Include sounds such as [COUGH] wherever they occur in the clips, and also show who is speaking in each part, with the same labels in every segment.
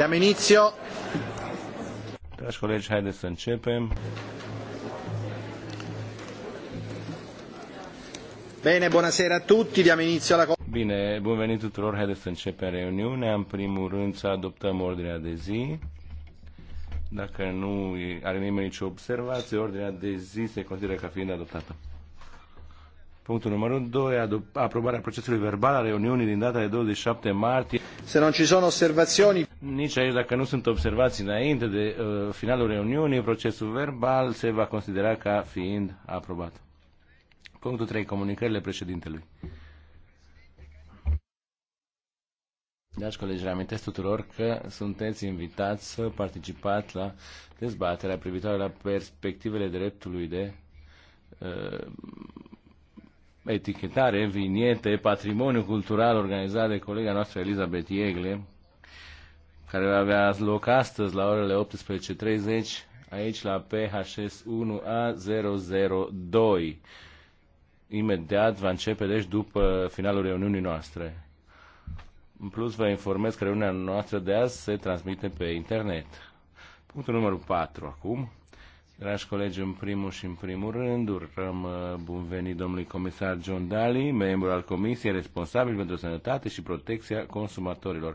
Speaker 1: Diamo inizio. Dragi colegi, haideți să începem. Bine, buonasera a tutti, diamo inizio alla... Bine, bun venit tuturor, haideți să începem reuniunea. În primul rând să adoptăm ordinea de zi. Dacă nu are nimeni nicio observație, ordinea de zi se consideră ca fiind adoptată. Punctul numărul 2, aprobarea procesului verbal a reuniunii din data de 27 martie. Se non ci sono osservazioni. Nici aici, dacă nu sunt observați înainte de uh, finalul reuniunii, procesul verbal se va considera ca fiind aprobat. Punctul 3. Comunicările președintelui. Dragi colegi, reamintesc tuturor că sunteți invitați să participați la dezbaterea privitoare la perspectivele dreptului de uh, etichetare, viniete, patrimoniu cultural organizat de colega noastră Elizabeth Iegle, care va avea loc astăzi la orele 18.30 aici la PHS 1A002. Imediat va începe, deci, după finalul reuniunii noastre. În plus, vă informez că reuniunea noastră de azi se transmite pe internet. Punctul numărul 4 acum. Dragi colegi, în primul și în primul rând, urăm uh, bun venit domnului comisar John Daly, membru al Comisiei responsabil pentru sănătate și protecția consumatorilor.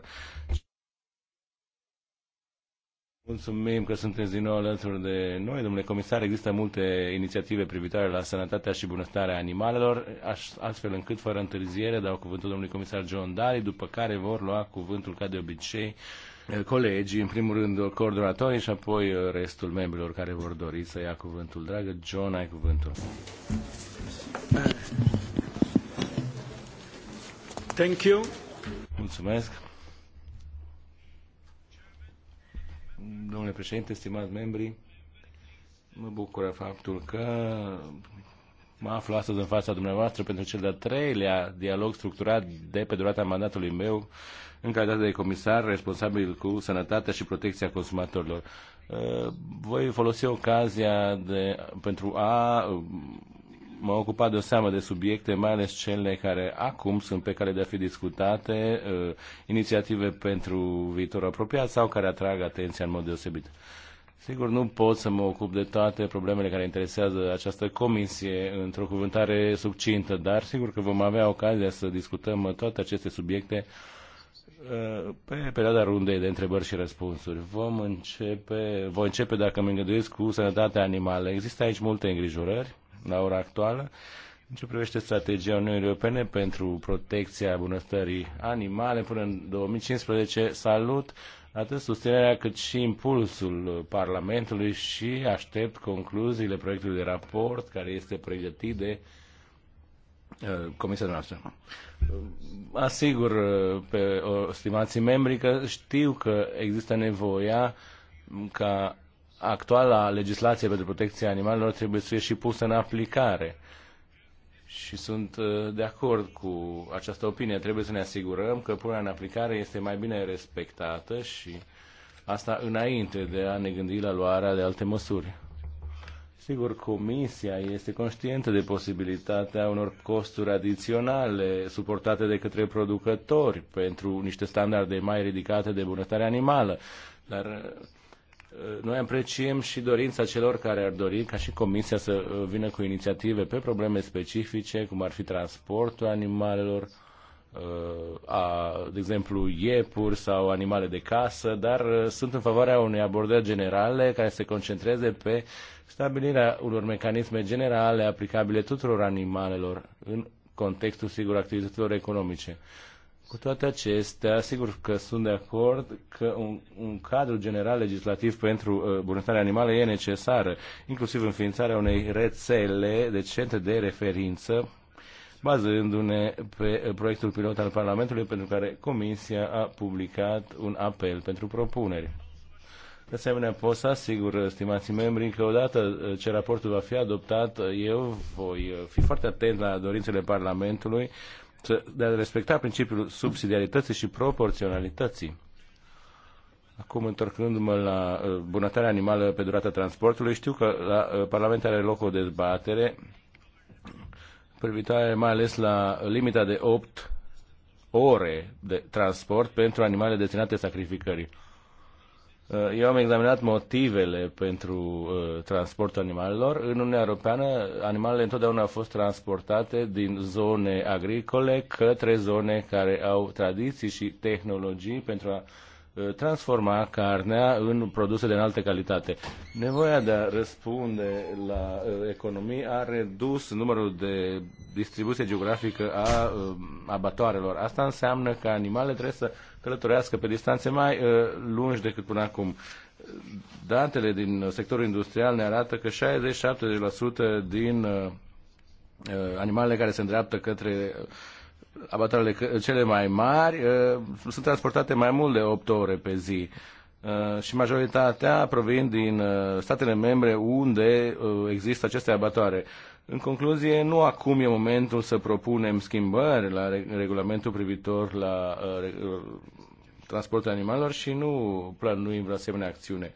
Speaker 1: Mulțumim că sunteți din nou alături de noi, domnule comisar. Există multe inițiative privitoare la sănătatea și bunăstarea animalelor, astfel încât, fără întârziere, dau cuvântul domnului comisar John Daly, după care vor lua cuvântul, ca de obicei, colegii, în primul rând coordonatorii și apoi restul membrilor care vor dori să ia cuvântul. Dragă John, ai cuvântul. Thank you. Mulțumesc. domnule președinte, stimați membri, mă bucură faptul că mă aflu astăzi în fața dumneavoastră pentru cel de-al treilea dialog structurat de pe durata mandatului meu în calitate de comisar responsabil cu sănătatea și protecția consumatorilor. Voi folosi ocazia de, pentru a mă ocupat de o seamă de subiecte, mai ales cele care acum sunt pe care de a fi discutate, uh, inițiative pentru viitor apropiat sau care atrag atenția în mod deosebit. Sigur, nu pot să mă ocup de toate problemele care interesează această comisie într-o cuvântare subcintă, dar sigur că vom avea ocazia să discutăm toate aceste subiecte uh, pe perioada rundei de întrebări și răspunsuri. Vom începe, voi începe, dacă mă îngăduiesc, cu sănătatea animală. Există aici multe îngrijorări la ora actuală în ce privește strategia Uniunii Europene pentru protecția bunăstării animale până în 2015. Salut atât susținerea cât și impulsul Parlamentului și aștept concluziile proiectului de raport care este pregătit de uh, comisia noastră. Asigur uh, pe o, stimații membri că știu că există nevoia ca actuala legislație pentru protecția animalelor trebuie să fie și pusă în aplicare. Și sunt uh, de acord cu această opinie. Trebuie să ne asigurăm că punerea în aplicare este mai bine respectată și asta înainte de a ne gândi la luarea de alte măsuri. Sigur, Comisia este conștientă de posibilitatea unor costuri adiționale suportate de către producători pentru niște standarde mai ridicate de bunăstare animală. Dar uh, noi apreciem și dorința celor care ar dori ca și Comisia să uh, vină cu inițiative pe probleme specifice, cum ar fi transportul animalelor, uh, a, de exemplu, iepuri sau animale de casă, dar uh, sunt în favoarea unei abordări generale care se concentreze pe stabilirea unor mecanisme generale aplicabile tuturor animalelor în contextul, sigur, activităților economice. Cu toate acestea, sigur că sunt de acord că un, un cadru general legislativ pentru uh, bunăstarea animală e necesară, inclusiv înființarea unei rețele de centre de referință, bazându-ne pe uh, proiectul pilot al Parlamentului pentru care Comisia a publicat un apel pentru propuneri. De asemenea, pot să asigur, uh, stimații membri, că odată uh, ce raportul va fi adoptat, eu voi fi foarte atent la dorințele Parlamentului de a respecta principiul subsidiarității și proporționalității. Acum, întorcându-mă la uh, bunătatea animală pe durata transportului, știu că la uh, Parlament are loc o dezbatere privitoare mai ales la limita de 8 ore de transport pentru animale destinate sacrificării. Uh, eu am examinat motivele pentru uh, transportul animalelor. În Uniunea Europeană, animalele întotdeauna au fost transportate din zone agricole către zone care au tradiții și tehnologii pentru a uh, transforma carnea în produse de înaltă calitate. Nevoia de a răspunde la economii a redus numărul de distribuție geografică a abatoarelor. Asta înseamnă că animalele trebuie să călătorească pe distanțe mai uh, lungi decât până acum. Datele din uh, sectorul industrial ne arată că 60-70% din uh, animalele care se îndreaptă către abatarele cele mai mari sunt transportate mai mult de 8 ore pe zi și majoritatea provin din statele membre unde există aceste abatoare. În concluzie, nu acum e momentul să propunem schimbări la regulamentul privitor la uh, uh, transportul animalelor și nu planuim vreo asemenea acțiune.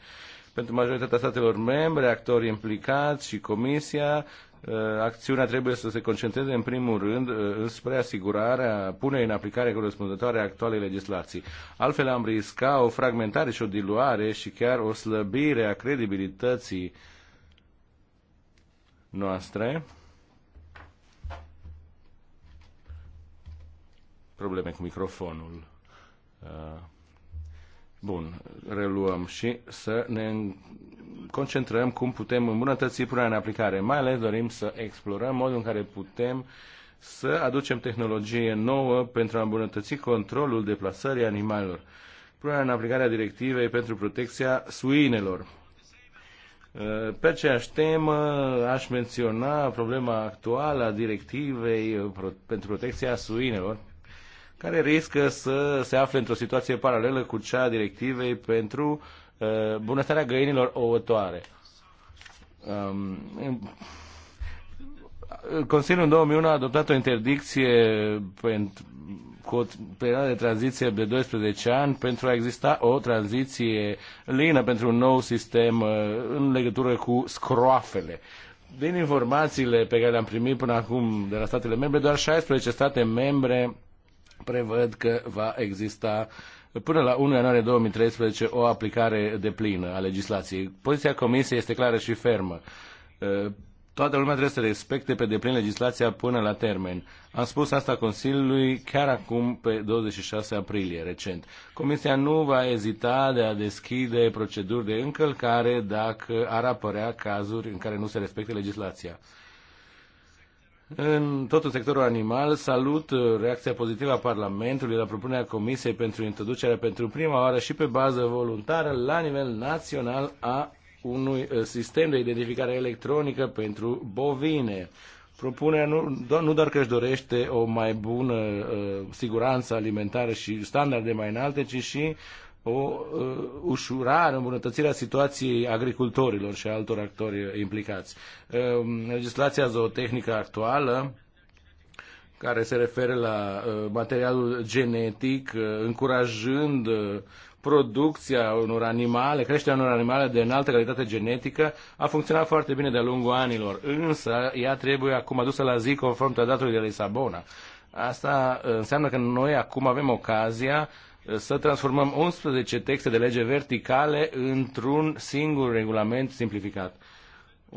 Speaker 1: Pentru majoritatea statelor membre, actorii implicați și Comisia, uh, acțiunea trebuie să se concentreze în primul rând spre asigurarea punerii în aplicare corespunzătoare a actualei legislații. Altfel am risca o fragmentare și o diluare și chiar o slăbire a credibilității uh, noastre, probleme cu microfonul. Uh, bun, reluăm și să ne concentrăm cum putem îmbunătăți punerea în aplicare. Mai ales dorim să explorăm modul în care putem să aducem tehnologie nouă pentru a îmbunătăți controlul deplasării animalelor. Punerea în aplicare a directivei pentru protecția suinelor. Eh, pe aceeași temă aș menționa problema actuală a directivei eh, pentru protecția suinelor, care riscă să se afle într-o situație paralelă cu cea a directivei pentru eh, bunăstarea găinilor ouătoare. Consiliul în 2001 a adoptat o interdicție pentru, cu o perioadă de tranziție de 12 ani pentru a exista o tranziție lină pentru un nou sistem uh, în legătură cu scroafele. Din informațiile pe care le-am primit până acum de la statele membre, doar 16 state membre prevăd că va exista până la 1 ianuarie 2013 o aplicare deplină a legislației. Poziția Comisiei este clară și fermă uh, Toată lumea trebuie să respecte pe deplin legislația până la termen. Am spus asta Consiliului chiar acum, pe 26 aprilie, recent. Comisia nu va ezita de a deschide proceduri de încălcare dacă ar apărea cazuri în care nu se respecte legislația. În tot în sectorul animal, salut reacția pozitivă a Parlamentului la propunerea Comisiei pentru introducerea pentru prima oară și pe bază voluntară la nivel național a unui uh, sistem de identificare electronică pentru bovine. Propunerea nu, do- nu doar că își dorește o mai bună uh, siguranță alimentară și standarde mai înalte, ci și o uh, ușurare, îmbunătățirea situației agricultorilor și altor actori uh, implicați. Uh, legislația zootehnică actuală care se referă la uh, materialul genetic, uh, încurajând uh, producția unor animale, creșterea unor animale de înaltă calitate genetică a funcționat foarte bine de-a lungul anilor, însă ea trebuie acum adusă la zi conform tratatului de Lisabona. Asta uh, înseamnă că noi acum avem ocazia uh, să transformăm 11 texte de lege verticale într-un singur regulament simplificat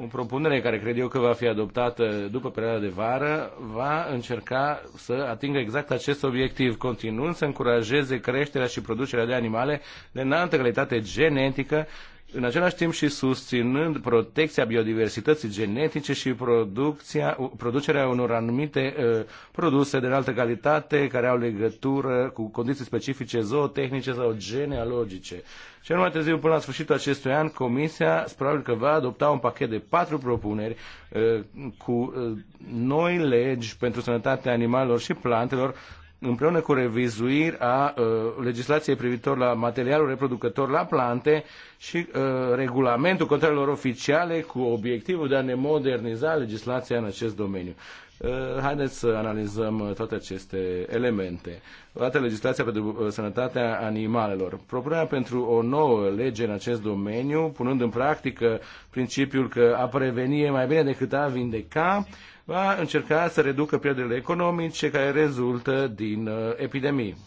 Speaker 1: o propunere care cred eu că va fi adoptată după perioada de vară va încerca să atingă exact acest obiectiv, continuând să încurajeze creșterea și producerea de animale de înaltă calitate genetică, în același timp și susținând protecția biodiversității genetice și producția, producerea unor anumite uh, produse de înaltă calitate care au legătură cu condiții specifice zootehnice sau genealogice. Cel mai târziu, până la sfârșitul acestui an, Comisia probabil că va adopta un pachet de patru propuneri uh, cu uh, noi legi pentru sănătatea animalelor și plantelor, împreună cu revizuiri a uh, legislației privitor la materialul reproducător la plante și uh, regulamentul controlelor oficiale cu obiectivul de a ne moderniza legislația în acest domeniu. Eh, haideți să analizăm eh, toate aceste elemente. Odată legislația pentru eh, sănătatea animalelor. Propunerea pentru o nouă lege în acest domeniu, punând în practică principiul că a preveni e mai bine decât a vindeca, va încerca să reducă pierderile economice care rezultă din epidemii.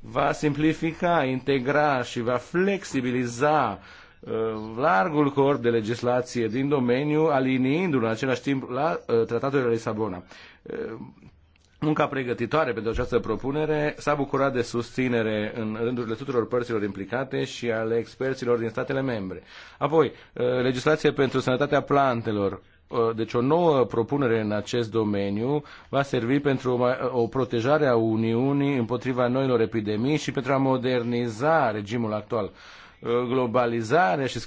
Speaker 1: Va simplifica, integra și va flexibiliza uh, Uh, largul corp de legislație din domeniu, aliniindu-l în același timp la uh, Tratatul de Lisabona. Lisabona. Uh, munca pregătitoare pentru această propunere s-a bucurat de susținere în rândurile tuturor părților implicate și ale experților din statele membre. Apoi, legislație pentru sănătatea plantelor. Deci o nouă propunere în acest domeniu va servi pentru o protejare a Uniunii împotriva noilor epidemii și pentru a moderniza regimul actual globalizarea și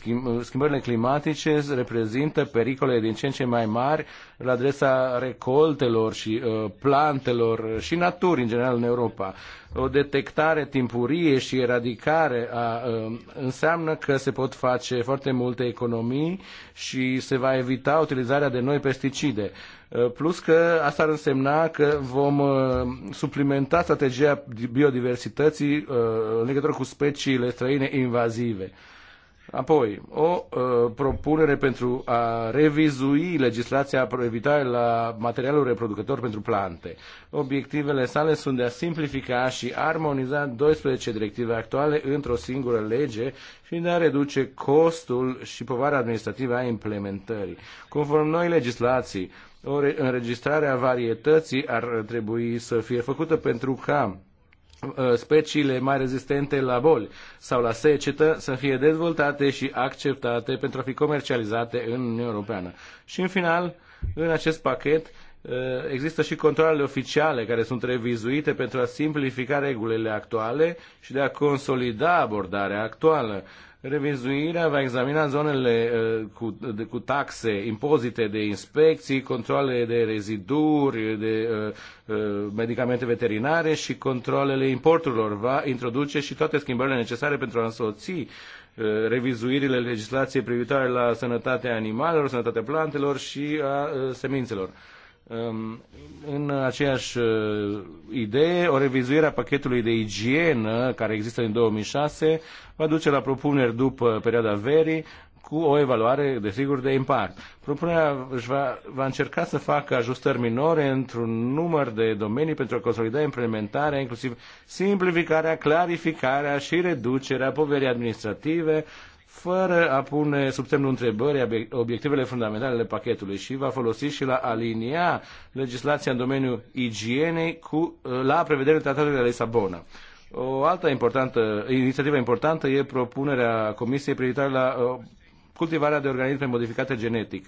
Speaker 1: schimbările climatice reprezintă pericole din ce în ce mai mari la adresa recoltelor și uh, plantelor și naturii în general în Europa. O detectare timpurie și eradicare a, uh, înseamnă că se pot face foarte multe economii și se va evita utilizarea de noi pesticide Uh, plus că asta ar însemna că vom uh, suplimenta strategia biodiversității uh, în legătură cu speciile străine invazive. Apoi, o uh, propunere pentru a revizui legislația privitoare la materialul reproducător pentru plante. Obiectivele sale sunt de a simplifica și armoniza 12 directive actuale într-o singură lege și de a reduce costul și povara administrativă a implementării. Conform noi legislații, o înregistrare a varietății ar trebui să fie făcută pentru ca uh, speciile mai rezistente la boli sau la secetă să fie dezvoltate și acceptate pentru a fi comercializate în Uniunea Europeană. Și în final, în acest pachet uh, există și controlele oficiale care sunt revizuite pentru a simplifica regulile actuale și de a consolida abordarea actuală Revizuirea va examina zonele uh, cu, de, cu taxe, impozite de inspecții, controle de reziduri, de uh, uh, medicamente veterinare și controlele importurilor. Va introduce și toate schimbările necesare pentru a însoți uh, revizuirile legislației privitoare la sănătatea animalelor, sănătatea plantelor și a semințelor. Um, în aceeași uh, idee, o revizuire a pachetului de igienă care există în 2006 va duce la propuneri după perioada verii cu o evaluare, desigur, de impact. Propunerea își va, va încerca să facă ajustări minore într-un număr de domenii pentru a consolida implementarea, inclusiv simplificarea, clarificarea și reducerea poverii administrative, fără a pune sub semnul întrebării obiectivele fundamentale ale pachetului și va folosi și la alinia legislația în domeniul igienei cu, la prevederile tratatului de la Lisabona. O altă importantă, inițiativă importantă e propunerea Comisiei privitoare la uh, cultivarea de organisme modificate genetic.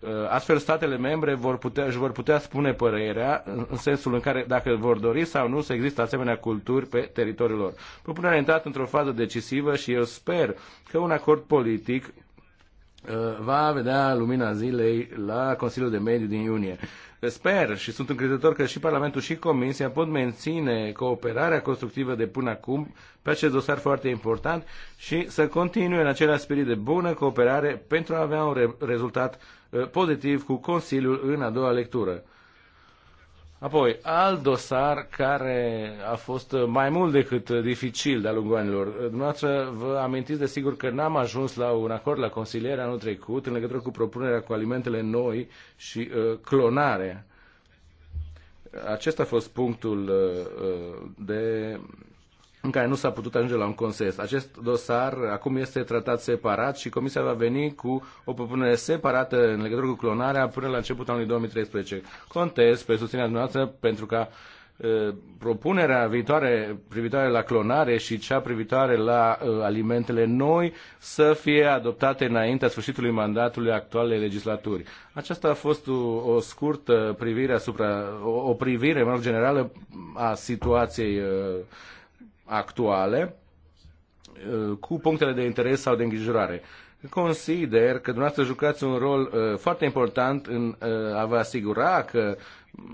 Speaker 1: Uh, astfel, statele membre vor putea, își vor putea spune părerea în sensul în care, dacă vor dori sau nu, să există asemenea culturi pe teritoriul lor. Propunerea a intrat într-o fază decisivă și eu sper că un acord politic uh, va vedea lumina zilei la Consiliul de Mediu din iunie. Sper și sunt încrezător că și Parlamentul și Comisia pot menține cooperarea constructivă de până acum pe acest dosar foarte important și să continue în același spirit de bună cooperare pentru a avea un re- rezultat Eh, pozitiv cu Consiliul în a doua lectură. Apoi, alt dosar care a fost mai mult decât dificil de-a lungul anilor. Eh, dumneavoastră vă amintiți de sigur că n-am ajuns la un acord la consiliere anul trecut în legătură cu propunerea cu alimentele noi și uh, clonare. Acesta a fost punctul uh, de în care nu s-a putut ajunge la un consens. Acest dosar acum este tratat separat și Comisia va veni cu o propunere separată în legătură cu clonarea până la începutul anului 2013. Contez pe susținerea dumneavoastră pentru ca propunerea viitoare privitoare la clonare și cea privitoare la uh, alimentele noi să fie adoptate înaintea sfârșitului mandatului actualei legislaturi. Aceasta a fost o, o scurtă privire asupra, o, o privire, mai generală a situației uh, actuale uh, cu punctele de interes sau de îngrijorare. Consider că dumneavoastră jucați un rol uh, foarte important în uh, a vă asigura că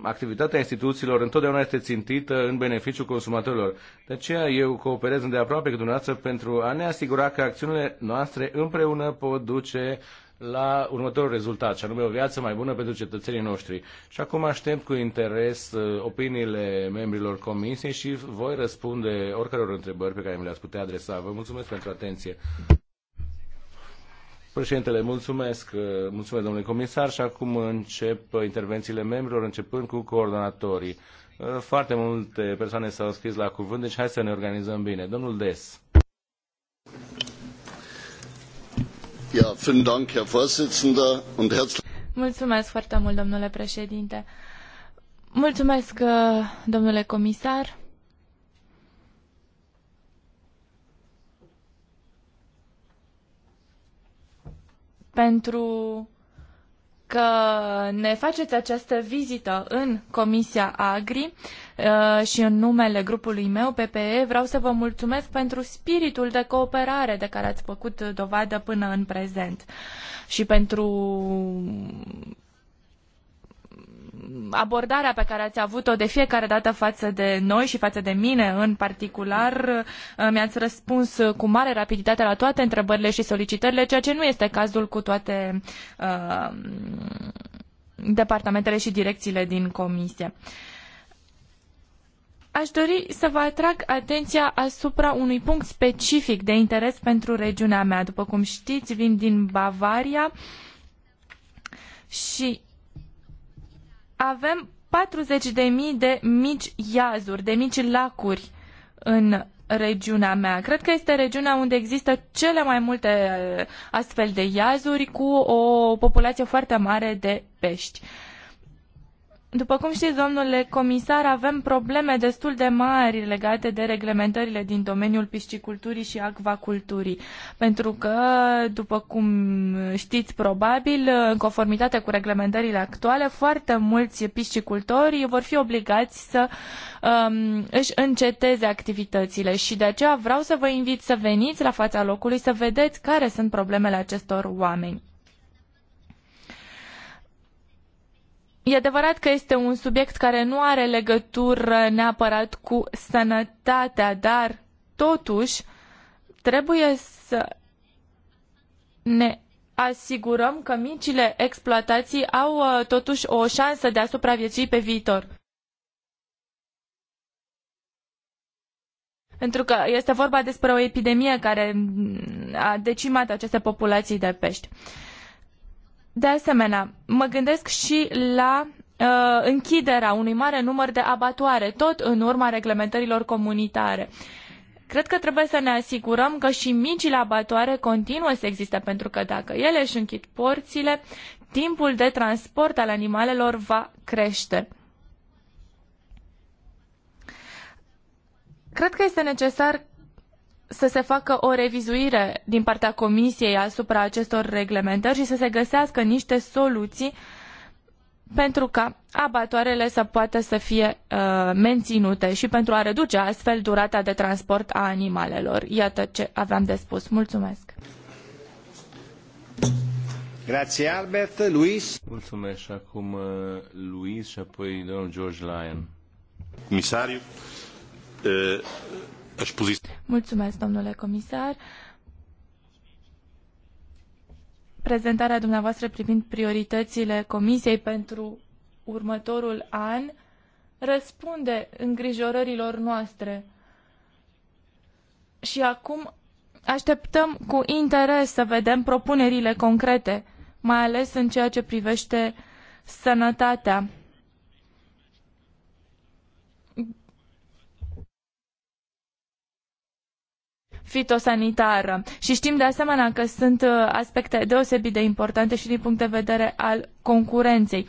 Speaker 1: activitatea instituțiilor întotdeauna este țintită în beneficiul consumatorilor. De aceea eu cooperez îndeaproape cu dumneavoastră pentru a ne asigura că acțiunile noastre împreună pot duce uh, la următorul rezultat, și anume o viață mai bună pentru cetățenii noștri. Și acum aștept cu interes uh, opiniile membrilor comisiei și voi răspunde oricăror întrebări pe care mi le-ați putea adresa. Vă mulțumesc pentru atenție. Președintele, mulțumesc, uh, mulțumesc domnule comisar și acum încep intervențiile membrilor, începând cu coordonatorii. Uh, foarte multe persoane s-au scris la cuvânt, deci hai să ne organizăm bine. Domnul Des.
Speaker 2: Mulțumesc foarte mult, domnule președinte. Mulțumesc, uh, domnule comisar. pentru că ne faceți această vizită în Comisia Agri uh, și în numele grupului meu PPE vreau să vă mulțumesc pentru spiritul de cooperare de care ați făcut dovadă până în prezent și pentru abordarea pe care ați avut-o de fiecare dată față de noi și față de mine în particular. Uh, mi-ați răspuns uh, cu mare rapiditate la toate întrebările și solicitările, ceea ce nu este cazul cu toate uh, departamentele și direcțiile din comisie. Aș dori să vă atrag atenția asupra unui punct specific de interes pentru regiunea mea. După cum știți, vin din Bavaria și avem 40.000 de mici iazuri, de mici lacuri în regiunea mea. Cred că este regiunea unde există cele mai multe uh, astfel de iazuri cu o populație foarte mare de pești. După cum știți, domnule comisar, avem probleme destul de mari legate de reglementările din domeniul pisciculturii și acvaculturii, pentru că, după cum știți probabil, în conformitate cu reglementările actuale, foarte mulți piscicultori vor fi obligați să um, își înceteze activitățile și de aceea vreau să vă invit să veniți la fața locului să vedeți care sunt problemele acestor oameni. E adevărat că este un subiect care nu are legătură neapărat cu sănătatea, dar totuși trebuie să ne asigurăm că micile exploatații au uh, totuși o șansă de a supraviețui pe viitor. Pentru că este vorba despre o epidemie care mm, a decimat aceste populații de pești. De asemenea, mă gândesc și la uh, închiderea unui mare număr de abatoare, tot în urma reglementărilor comunitare. Cred că trebuie să ne asigurăm că și micile abatoare continuă să existe, pentru că dacă ele își închid porțile, timpul de transport al animalelor va crește. Cred că este necesar să se facă o revizuire din partea Comisiei asupra acestor reglementări și să se găsească niște soluții pentru ca abatoarele să poată să fie uh, menținute și pentru a reduce astfel durata de transport a animalelor. Iată ce aveam de spus. Mulțumesc!
Speaker 1: Grazie Albert, Luis. Mulțumesc și acum uh, Luis și apoi domnul George Lyon. Comisariu, uh,
Speaker 2: Mulțumesc, domnule comisar. Prezentarea dumneavoastră privind prioritățile Comisiei pentru următorul an răspunde îngrijorărilor noastre. Și acum așteptăm cu interes să vedem propunerile concrete, mai ales în ceea ce privește sănătatea. fitosanitară. Și știm de asemenea că sunt uh, aspecte deosebit de importante și din punct de vedere al concurenței.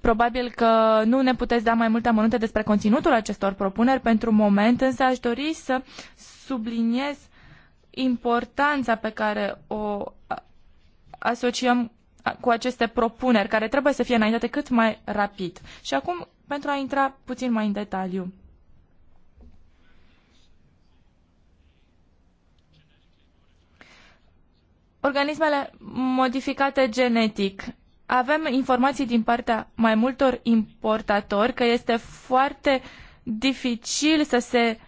Speaker 2: Probabil că nu ne puteți da mai multe amănunte despre conținutul acestor propuneri pentru moment, însă aș dori să subliniez importanța pe care o asociem cu aceste propuneri, care trebuie să fie înaintate cât mai rapid. Și acum, pentru a intra puțin mai în detaliu. organismele modificate genetic. Avem informații din partea mai multor importatori că este foarte dificil să se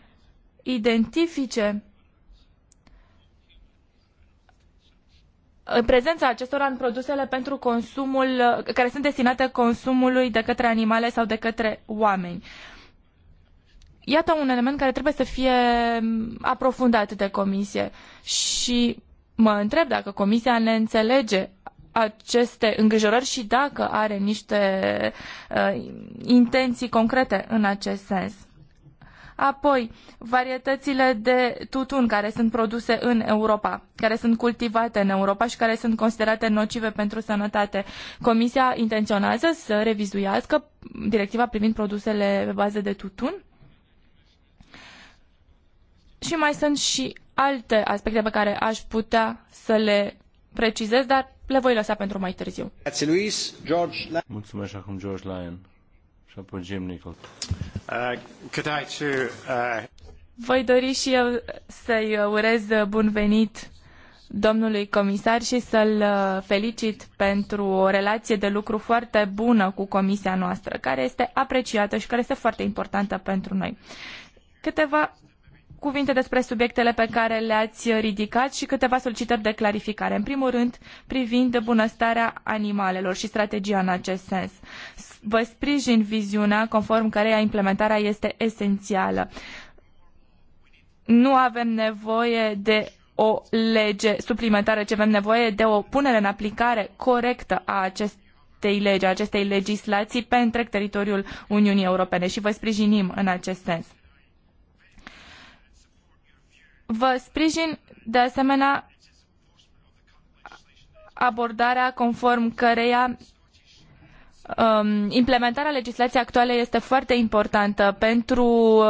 Speaker 2: identifice prezența acestora în produsele pentru consumul, care sunt destinate consumului de către animale sau de către oameni. Iată un element care trebuie să fie aprofundat de comisie și Mă întreb dacă Comisia ne înțelege aceste îngrijorări și dacă are niște uh, intenții concrete în acest sens. Apoi, varietățile de tutun care sunt produse în Europa, care sunt cultivate în Europa și care sunt considerate nocive pentru sănătate. Comisia intenționează să revizuiască directiva privind produsele pe bază de tutun? Și mai sunt și alte aspecte pe care aș putea să le precizez, dar le voi lăsa pentru mai târziu.
Speaker 1: Luis, George Mulțumesc acum George Lyon și apoi Jim Nichols. Uh, uh,
Speaker 2: voi dori și eu să-i urez bun venit domnului comisar și să-l uh, felicit pentru o relație de lucru foarte bună cu comisia noastră, care este apreciată și care este foarte importantă pentru noi. Câteva cuvinte despre subiectele pe care le-ați ridicat și câteva solicitări de clarificare. În primul rând, privind bunăstarea animalelor și strategia în acest sens. Vă sprijin viziunea conform căreia implementarea este esențială. Nu avem nevoie de o lege suplimentară, ci avem nevoie de o punere în aplicare corectă a acestei legi, a acestei legislații pe întreg teritoriul Uniunii Europene și vă sprijinim în acest sens. Vă sprijin de asemenea abordarea conform căreia um, implementarea legislației actuale este foarte importantă pentru uh,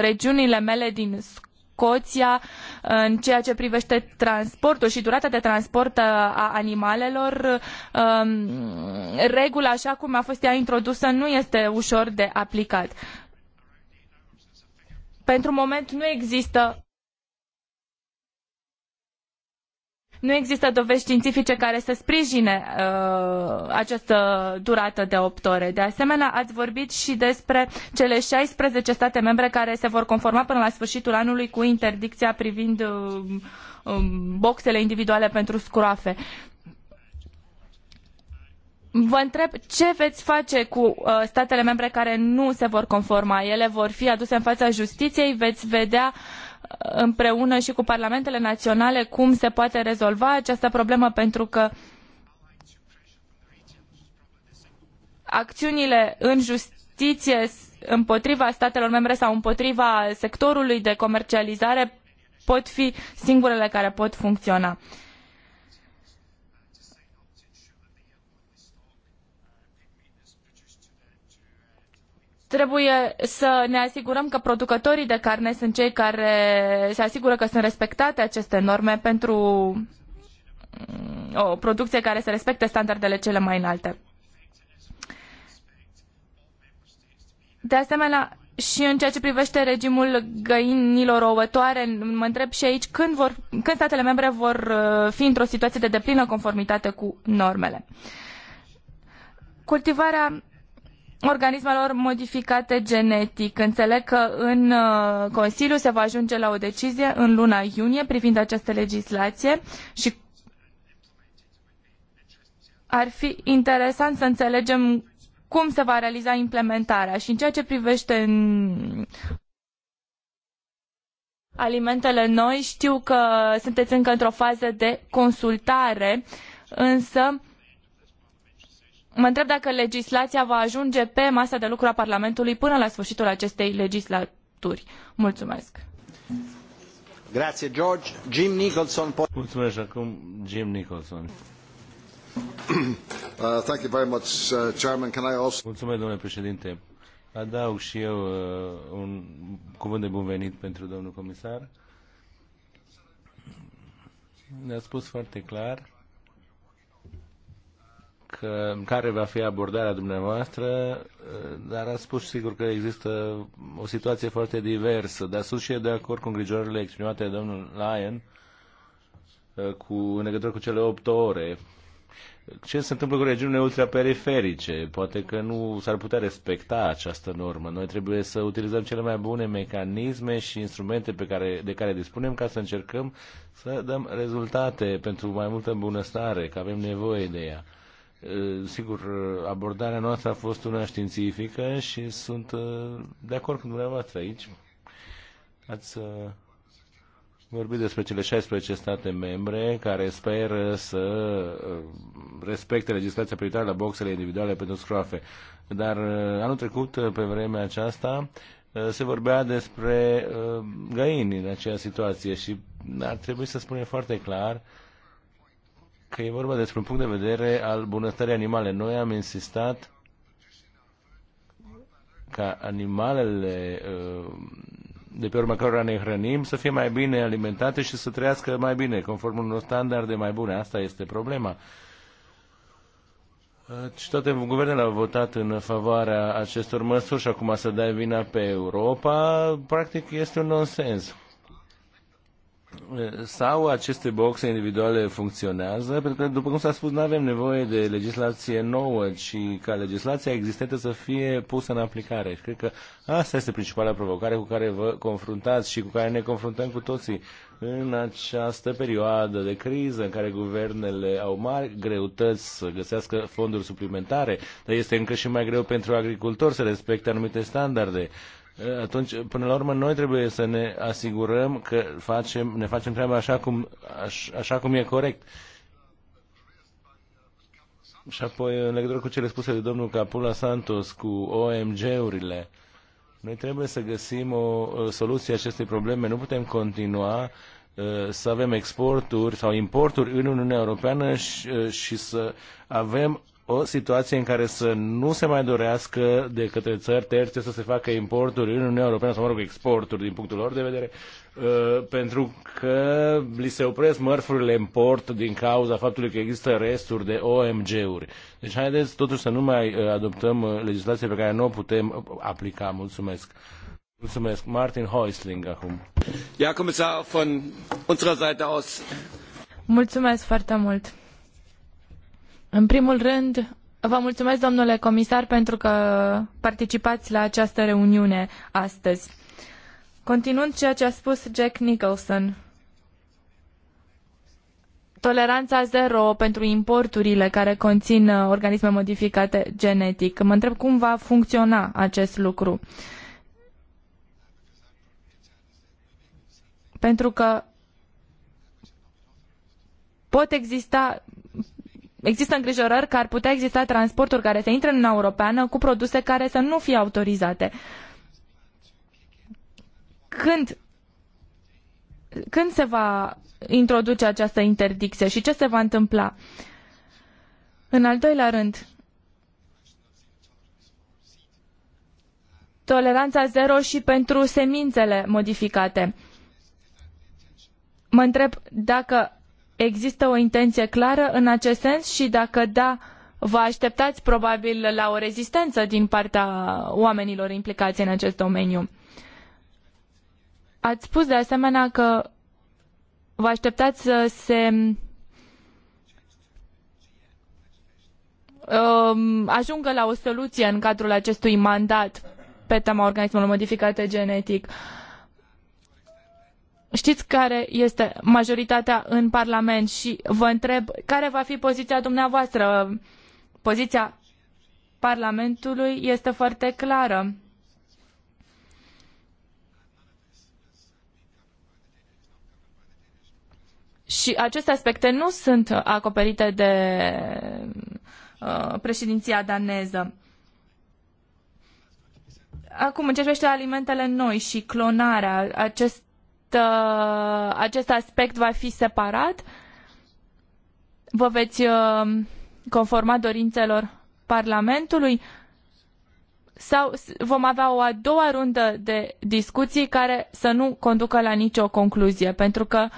Speaker 2: regiunile mele din Scoția în ceea ce privește transportul și durata de transport uh, a animalelor. Um, regula așa cum a fost ea introdusă nu este ușor de aplicat. Pentru moment nu există Nu există dovezi științifice care să sprijine uh, această durată de opt ore. De asemenea, ați vorbit și despre cele 16 state membre care se vor conforma până la sfârșitul anului cu interdicția privind uh, um, boxele individuale pentru scroafe. Vă întreb ce veți face cu uh, statele membre care nu se vor conforma. Ele vor fi aduse în fața justiției, veți vedea uh, împreună și cu parlamentele naționale cum se poate rezolva această problemă pentru că acțiunile în justiție împotriva statelor membre sau împotriva sectorului de comercializare pot fi singurele care pot funcționa. Trebuie să ne asigurăm că producătorii de carne sunt cei care se asigură că sunt respectate aceste norme pentru mm, o producție care să respecte standardele cele mai înalte. De asemenea, și în ceea ce privește regimul găinilor ouătoare, mă întreb și aici când, vor, când statele membre vor uh, fi într-o situație de deplină conformitate cu normele. Cultivarea organismelor modificate genetic. Înțeleg că în uh, Consiliu se va ajunge la o decizie în luna iunie privind această legislație și ar fi interesant să înțelegem cum se va realiza implementarea și în ceea ce privește alimentele noi, știu că sunteți încă într-o fază de consultare, însă mă întreb dacă legislația va ajunge pe masa de lucru a Parlamentului până la sfârșitul acestei legislaturi. Mulțumesc!
Speaker 1: Grazie, George. Jim Nicholson. Mulțumesc acum Jim Nicholson. Uh, thank you very much, uh, Chairman. Can I also... Mulțumesc, domnule președinte. Adaug și eu uh, un cuvânt de bun venit pentru domnul comisar. Ne-a spus foarte clar că, care va fi abordarea dumneavoastră, dar a spus sigur că există o situație foarte diversă, dar sunt și eu de acord cu îngrijorările exprimate de domnul Lyon uh, cu, în legătură cu cele 8 ore. Ce se întâmplă cu regiunile ultraperiferice? Poate că nu s-ar putea respecta această normă. Noi trebuie să utilizăm cele mai bune mecanisme și instrumente pe care, de care dispunem ca să încercăm să dăm rezultate pentru mai multă bunăstare, că avem nevoie de ea. Eh, sigur, abordarea noastră a fost una științifică și sunt eh, de acord cu dumneavoastră aici. Ați eh, vorbit despre cele 16 state membre care speră să respecte legislația privitoare la boxele individuale pentru scroafe. Dar anul trecut, pe vremea aceasta, se vorbea despre găini în aceeași situație și ar trebui să spunem foarte clar că e vorba despre un punct de vedere al bunăstării animale. Noi am insistat ca animalele uh, de pe urma cărora ne hrănim să fie mai bine alimentate și să trăiască mai bine, conform unor standarde mai bune. Asta este problema. Uh, și toate guvernele au votat în favoarea acestor măsuri și acum să dai vina pe Europa, practic este un nonsens sau aceste boxe individuale funcționează, pentru că, după cum s-a spus, nu avem nevoie de legislație nouă, ci ca legislația existentă să fie pusă în aplicare. Și cred că asta este principala provocare cu care vă confruntați și cu care ne confruntăm cu toții în această perioadă de criză în care guvernele au mari greutăți să găsească fonduri suplimentare, dar este încă și mai greu pentru agricultori să respecte anumite standarde atunci, până la urmă, noi trebuie să ne asigurăm că facem, ne facem treaba așa cum, așa cum e corect. Și apoi, în legătură cu cele spuse de domnul Capula Santos cu OMG-urile, noi trebuie să găsim o soluție acestei probleme. Nu putem continua uh, să avem exporturi sau importuri în Uniunea Europeană și, uh, și să avem o situație în care să nu se mai dorească de către țări terțe să se facă importuri în Uniunea Europeană sau, mă rog, exporturi din punctul lor de vedere, uh, pentru că li se opresc mărfurile în port din cauza faptului că există resturi de OMG-uri. Deci haideți totuși să nu mai uh, adoptăm uh, legislație pe care nu o putem aplica. Mulțumesc. Mulțumesc. Martin Heusling acum. Ia, Comisar, von unserer Seite aus.
Speaker 2: Mulțumesc foarte mult. În primul rând, vă mulțumesc, domnule comisar, pentru că participați la această reuniune astăzi. Continuând ceea ce a spus Jack Nicholson, toleranța zero pentru importurile care conțin uh, organisme modificate genetic. Mă întreb cum va funcționa acest lucru. Pentru că pot exista există îngrijorări că ar putea exista transporturi care să intre în Uniunea Europeană cu produse care să nu fie autorizate. Când, când se va introduce această interdicție și ce se va întâmpla? În al doilea rând, toleranța zero și pentru semințele modificate. Mă întreb dacă Există o intenție clară în acest sens și dacă da, vă așteptați probabil la o rezistență din partea oamenilor implicați în acest domeniu. Ați spus de asemenea că vă așteptați să se um, ajungă la o soluție în cadrul acestui mandat pe tema organismelor modificate genetic. Uh, Știți care este majoritatea în Parlament și vă întreb care va fi poziția dumneavoastră. Poziția Parlamentului este foarte clară. Și aceste aspecte nu sunt acoperite de uh, președinția daneză. Acum, în ce privește alimentele noi și clonarea, acest Uh, acest aspect va fi separat? Vă veți uh, conforma dorințelor Parlamentului? Sau vom avea o a doua rundă de discuții care să nu conducă la nicio concluzie? Pentru că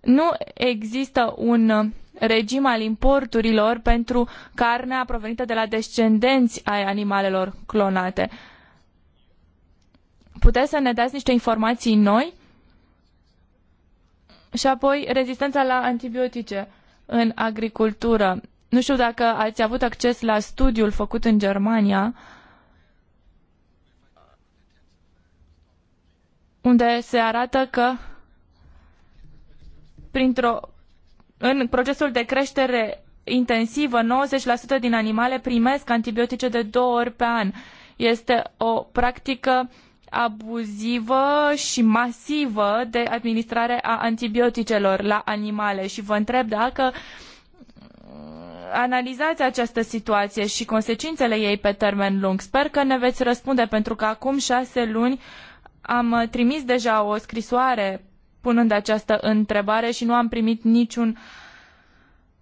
Speaker 2: nu există un regim al importurilor pentru carnea provenită de la descendenți ai animalelor clonate. Puteți să ne dați niște informații noi? Și apoi rezistența la antibiotice în agricultură. Nu știu dacă ați avut acces la studiul făcut în Germania, unde se arată că printr-o, în procesul de creștere intensivă, 90% din animale primesc antibiotice de două ori pe an. Este o practică uh, abuzivă și masivă de administrare a antibioticelor la animale și vă întreb dacă mm, analizați această situație și consecințele ei pe termen lung. Sper că ne veți răspunde pentru că acum șase luni am trimis deja o scrisoare punând această întrebare și nu am primit niciun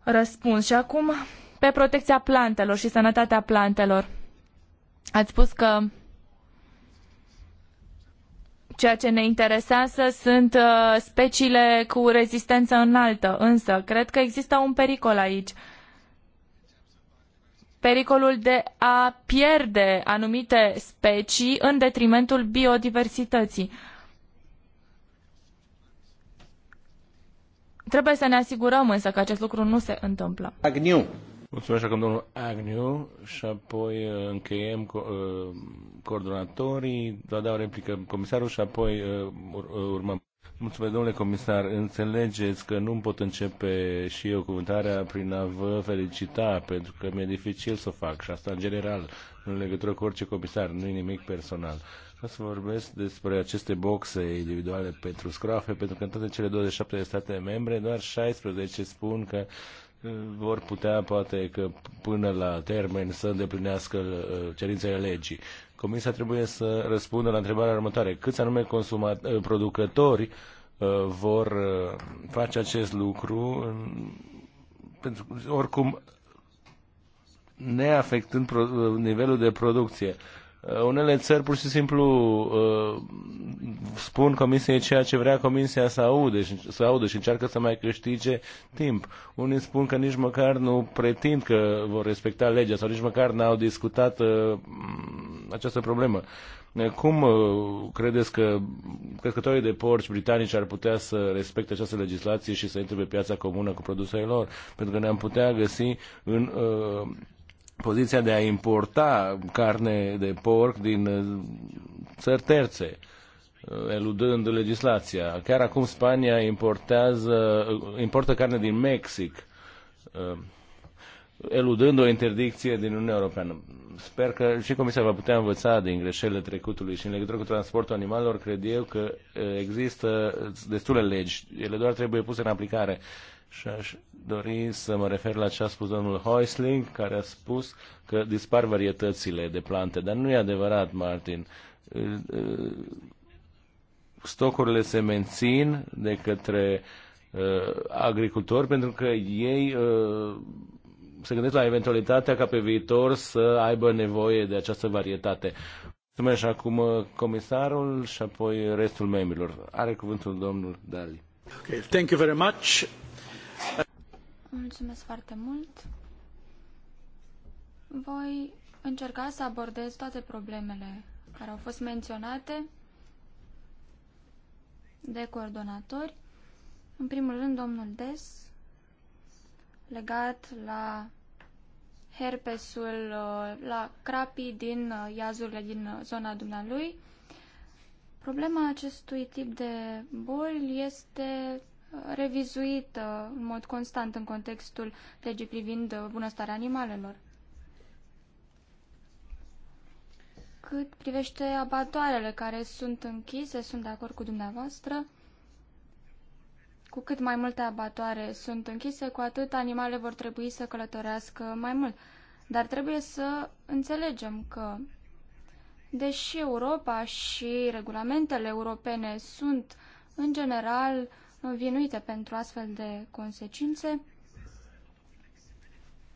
Speaker 2: răspuns. Și acum pe protecția plantelor și sănătatea plantelor. Ați spus că Ceea ce ne interesează sunt uh, speciile cu rezistență înaltă, însă cred că există un pericol aici. Pericolul de a pierde anumite specii în detrimentul biodiversității. Trebuie să ne asigurăm însă că acest lucru nu se întâmplă.
Speaker 1: Agniu. Mulțumesc acum domnul Agnew și apoi uh, încheiem co- uh, coordonatorii, va da o replică comisarul și apoi uh, urmăm. Mulțumesc, domnule comisar. Înțelegeți că nu pot începe și eu cuvântarea prin a vă felicita, pentru că mi-e dificil să o fac și asta în general, în legătură cu orice comisar, nu e nimic personal. O să vorbesc despre aceste boxe individuale pentru scroafe, pentru că în toate cele 27 de state membre, doar 16 spun că vor putea poate că până la termen să îndeplinească uh, cerințele legii. Comisia trebuie să răspundă la întrebarea următoare. Câți anume uh, producători uh, vor face acest lucru pentru, oricum neafectând nivelul de producție. Uh, unele țări pur și simplu uh, spun comisiei ceea ce vrea comisia să audă, și, să audă și încearcă să mai câștige timp. Unii spun că nici măcar nu pretind că vor respecta legea sau nici măcar n-au discutat uh, această problemă. Cum credeți că crescătorii de porci britanici ar putea să respecte această legislație și să intre pe piața comună cu produsele lor? Pentru că ne-am putea găsi în uh, poziția de a importa carne de porc din uh, țări terțe, uh, eludând legislația. Chiar acum Spania importează, uh, importă carne din Mexic, eludând o interdicție din Uniunea Europeană. Sper că și Comisia va putea învăța din greșelile trecutului și în legătură cu transportul animalelor, cred eu că există destule legi. Ele doar trebuie puse în aplicare. Și aș dori să mă refer la ce a spus domnul Heusling, care a spus că dispar varietățile de plante. Dar nu e adevărat, Martin. Stocurile se mențin de către uh, agricultori pentru că ei uh, se gândesc la eventualitatea ca pe viitor să aibă nevoie de această varietate. Mulțumesc și acum uh, comisarul și apoi restul membrilor. Are cuvântul domnul Dali. Okay, thank you very much
Speaker 3: foarte mult. Voi încerca să abordez toate problemele care au fost menționate de coordonatori. În primul rând, domnul Des, legat la herpesul, uh, la crapii din uh, iazurile din zona dumnealui. Problema acestui tip de boli este revizuită în mod constant în contextul legii privind uh, bunăstarea animalelor. Cât privește abatoarele care sunt închise, sunt de acord cu dumneavoastră. Cu cât mai multe abatoare sunt închise, cu atât animale vor trebui să călătorească mai mult. Dar trebuie să înțelegem că, deși Europa și regulamentele europene sunt, în general, uh, învinuite pentru astfel de consecințe.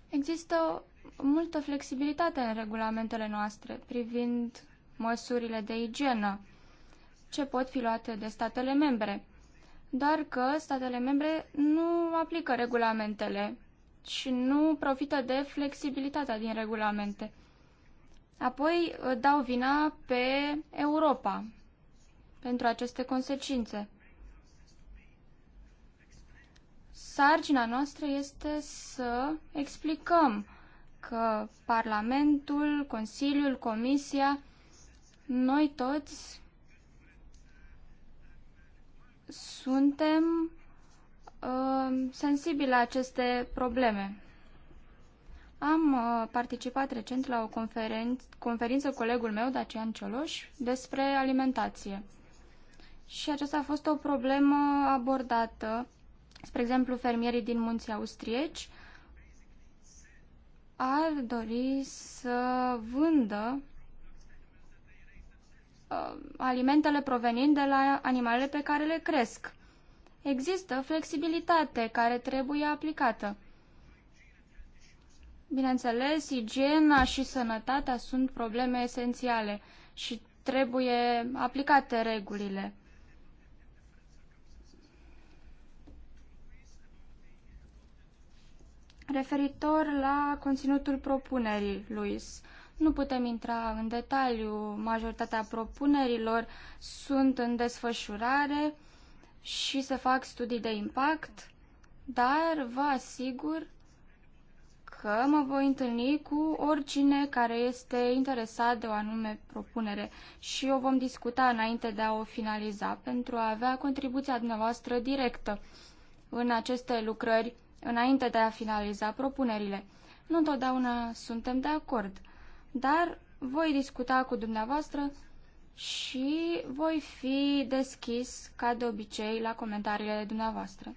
Speaker 3: Există multă flexibilitate în regulamentele noastre privind măsurile de igienă ce pot fi luate de statele membre. Doar că statele membre nu aplică regulamentele și nu profită de flexibilitatea din regulamente. Apoi dau vina pe Europa pentru aceste consecințe sarcina noastră este să explicăm că Parlamentul, Consiliul, Comisia, noi toți suntem uh, sensibili la aceste probleme. Am uh, participat recent la o conferen conferință cu colegul meu, Dacian Cioloș, despre alimentație. Și aceasta a fost o problemă abordată Spre exemplu, fermierii din munții austrieci ar dori să vândă uh, alimentele provenind de la animalele pe care le cresc. Există flexibilitate care trebuie aplicată. Bineînțeles, igiena și sănătatea sunt probleme esențiale și trebuie aplicate regulile. Referitor la conținutul propunerii, Luis, nu putem intra în detaliu. Majoritatea propunerilor sunt în desfășurare și se fac studii de impact, dar vă asigur că mă voi întâlni cu oricine care este interesat de o anume propunere și o vom discuta înainte de a o finaliza pentru a avea contribuția dumneavoastră directă în aceste lucrări înainte de a finaliza propunerile. Nu întotdeauna suntem de acord, dar voi discuta cu dumneavoastră și voi fi deschis, ca de obicei, la comentariile dumneavoastră.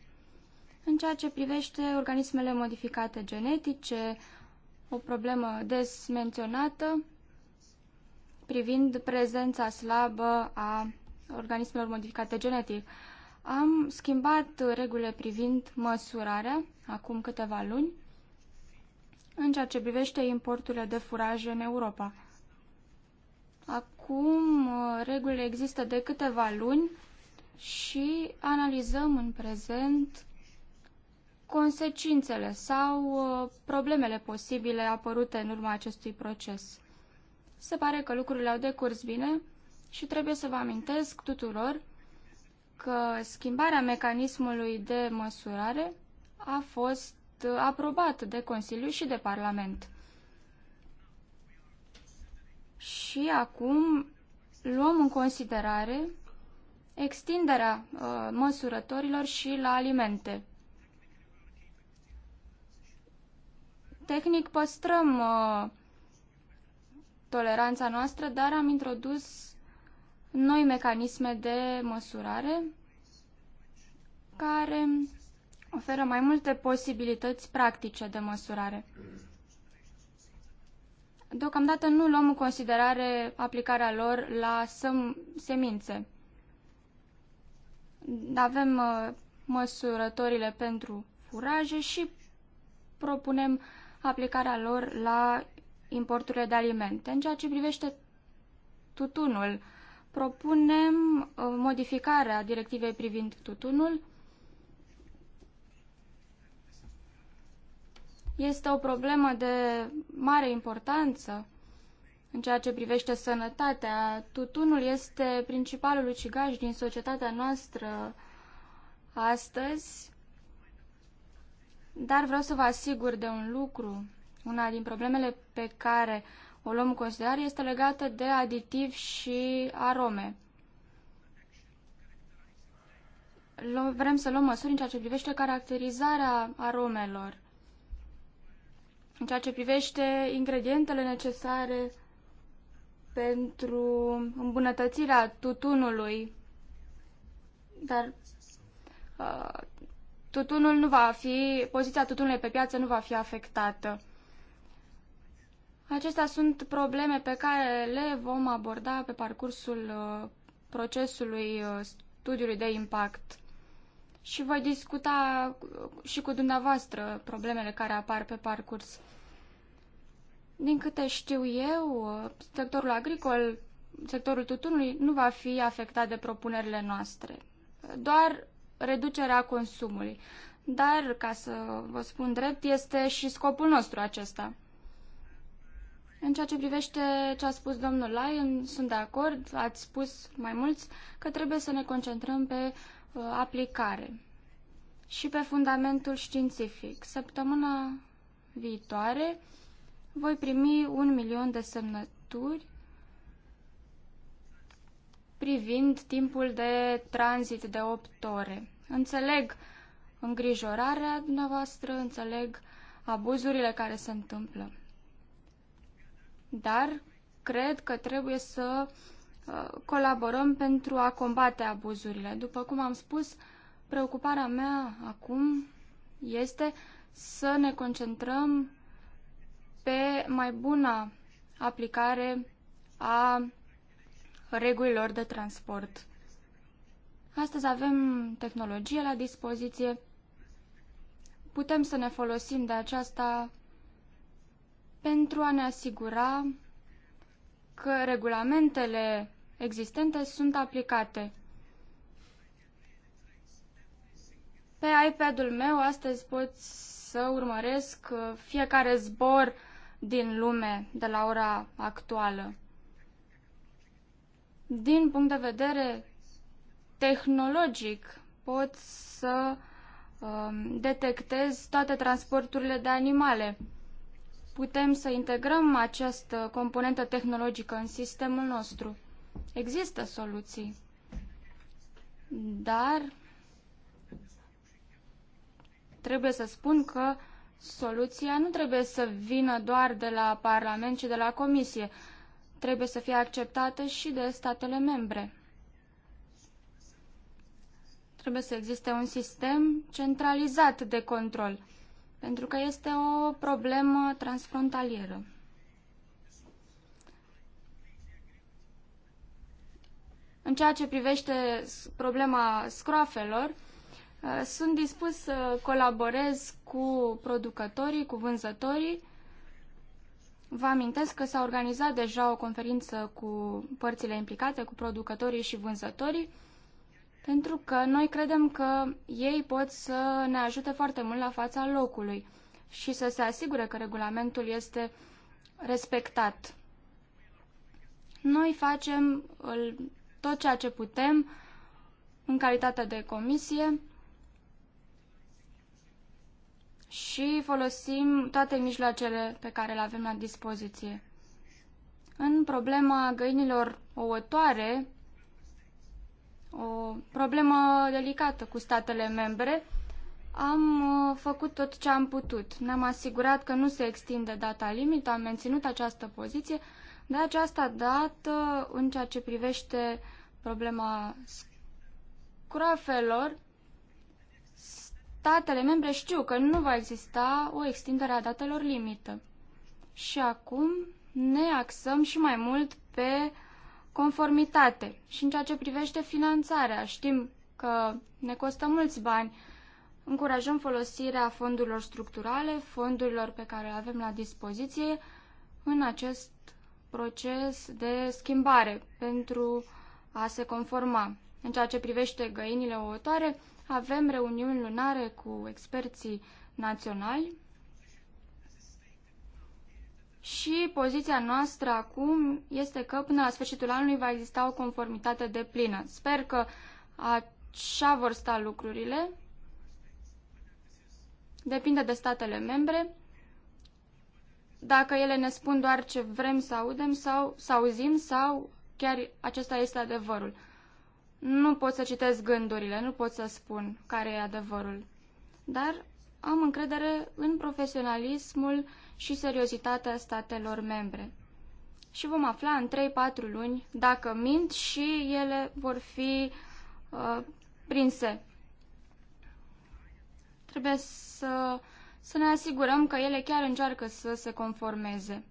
Speaker 3: În ceea ce privește organismele modificate genetice, o problemă des menționată privind prezența slabă a organismelor modificate genetic. Am schimbat regulile privind măsurarea acum câteva luni în ceea ce privește importurile de furaje în Europa. Acum uh, regulile există de câteva luni și analizăm în prezent consecințele sau uh, problemele posibile apărute în urma acestui proces. Se pare că lucrurile au decurs bine și trebuie să vă amintesc tuturor că schimbarea mecanismului de măsurare a fost aprobat de Consiliu și de Parlament. Și acum luăm în considerare extinderea uh, măsurătorilor și la alimente. Tehnic păstrăm uh, toleranța noastră, dar am introdus noi mecanisme de măsurare care oferă mai multe posibilități practice de măsurare. Deocamdată nu luăm în considerare aplicarea lor la semințe. Avem uh, măsurătorile pentru furaje și propunem aplicarea lor la importurile de alimente. În ceea ce privește tutunul, propunem uh, modificarea directivei privind tutunul. Este o problemă de mare importanță în ceea ce privește sănătatea. Tutunul este principalul ucigaș din societatea noastră astăzi, dar vreau să vă asigur de un lucru. Una din problemele pe care o luăm în considerare este legată de aditiv și arome. Vrem să luăm măsuri în ceea ce privește caracterizarea aromelor, în ceea ce privește ingredientele necesare pentru îmbunătățirea tutunului. Dar uh, tutunul nu va fi, poziția tutunului pe piață nu va fi afectată. Acestea sunt probleme pe care le vom aborda pe parcursul uh, procesului uh, studiului de impact și voi discuta uh, și cu dumneavoastră problemele care apar pe parcurs. Din câte știu eu, sectorul agricol, sectorul tutunului nu va fi afectat de propunerile noastre, doar reducerea consumului. Dar, ca să vă spun drept, este și scopul nostru acesta. În ceea ce privește ce a spus domnul Lyon, sunt de acord, ați spus mai mulți, că trebuie să ne concentrăm pe uh, aplicare și pe fundamentul științific. Săptămâna viitoare voi primi un milion de semnături privind timpul de tranzit de 8 ore. Înțeleg îngrijorarea dumneavoastră, înțeleg abuzurile care se întâmplă dar cred că trebuie să uh, colaborăm pentru a combate abuzurile. După cum am spus, preocuparea mea acum este să ne concentrăm pe mai bună aplicare a regulilor de transport. Astăzi avem tehnologie la dispoziție, putem să ne folosim de aceasta pentru a ne asigura că regulamentele existente sunt aplicate. Pe iPad-ul meu astăzi pot să urmăresc uh, fiecare zbor din lume de la ora actuală. Din punct de vedere tehnologic, pot să um, detectez toate transporturile de animale putem să integrăm această componentă tehnologică în sistemul nostru. Există soluții, dar trebuie să spun că soluția nu trebuie să vină doar de la Parlament, ci de la Comisie. Trebuie să fie acceptată și de statele membre. Trebuie să existe un sistem centralizat de control pentru că este o problemă transfrontalieră. În ceea ce privește problema scroafelor, uh, sunt dispus să colaborez cu producătorii, cu vânzătorii. Vă amintesc că s-a organizat deja o conferință cu părțile implicate, cu producătorii și vânzătorii pentru că noi credem că ei pot să ne ajute foarte mult la fața locului și să se asigure că regulamentul este respectat. Noi facem tot ceea ce putem în calitate de comisie și folosim toate mijloacele pe care le avem la dispoziție. În problema găinilor ouătoare, o problemă delicată cu statele membre. Am uh, făcut tot ce am putut. Ne-am asigurat că nu se extinde data limită, am menținut această poziție. De această dată, în ceea ce privește problema scroafelor, statele membre știu că nu va exista o extindere a datelor limită. Și acum ne axăm și mai mult pe conformitate. Și în ceea ce privește finanțarea, știm că ne costă mulți bani. Încurajăm folosirea fondurilor structurale, fondurilor pe care le avem la dispoziție în acest proces de schimbare pentru a se conforma. În ceea ce privește găinile ouătoare, avem reuniuni lunare cu experții naționali și poziția noastră acum este că până la sfârșitul anului va exista o conformitate de plină. Sper că așa vor sta lucrurile. Depinde de statele membre. Dacă ele ne spun doar ce vrem să audem sau să auzim sau chiar acesta este adevărul. Nu pot să citesc gândurile, nu pot să spun care e adevărul. Dar am încredere în profesionalismul și seriozitatea statelor membre. Și vom afla în 3-4 luni dacă mint și ele vor fi uh, prinse. Trebuie să, să ne asigurăm că ele chiar încearcă să se conformeze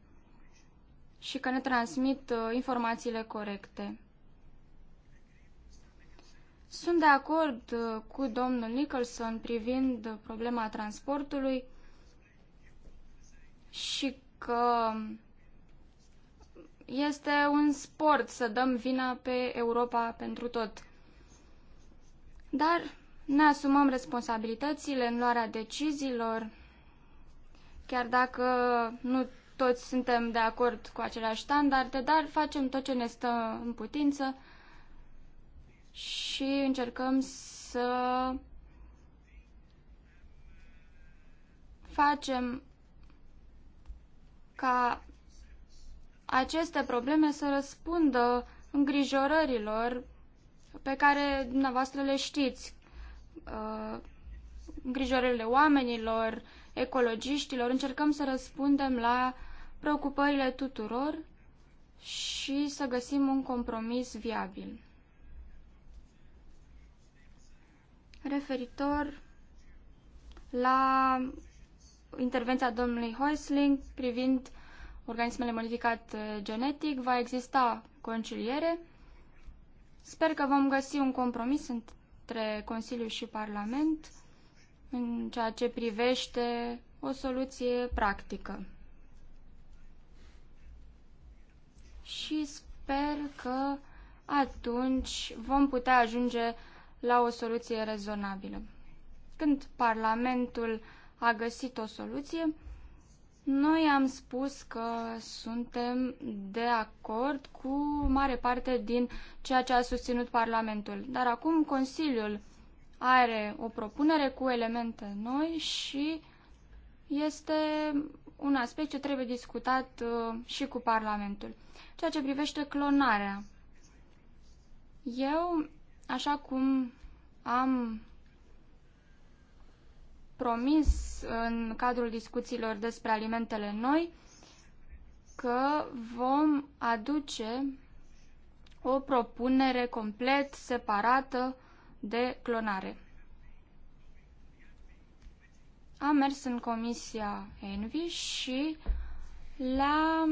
Speaker 3: și că ne transmit uh, informațiile corecte. Sunt de acord uh, cu domnul Nicholson privind problema transportului și că este un sport să dăm vina pe Europa pentru tot. Dar ne asumăm responsabilitățile în luarea deciziilor, chiar dacă nu toți suntem de acord cu aceleași standarde, dar facem tot ce ne stă în putință și încercăm să facem ca aceste probleme să răspundă îngrijorărilor pe care dumneavoastră le știți, uh, îngrijorările oamenilor, ecologiștilor. Încercăm să răspundem la preocupările tuturor și să găsim un compromis viabil. Referitor la intervenția domnului Häusling privind organismele modificate eh, genetic. Va exista conciliere. Sper că vom găsi un compromis între Consiliu și Parlament în ceea ce privește o soluție practică. Și sper că atunci vom putea ajunge la o soluție rezonabilă. Când Parlamentul a găsit o soluție. Noi am spus că suntem de acord cu mare parte din ceea ce a susținut Parlamentul. Dar acum Consiliul are o propunere cu elemente noi și este un aspect ce trebuie discutat uh, și cu Parlamentul. Ceea ce privește clonarea. Eu, așa cum am promis în cadrul discuțiilor despre alimentele noi că vom aduce o propunere complet separată de clonare. Am mers în comisia Envi și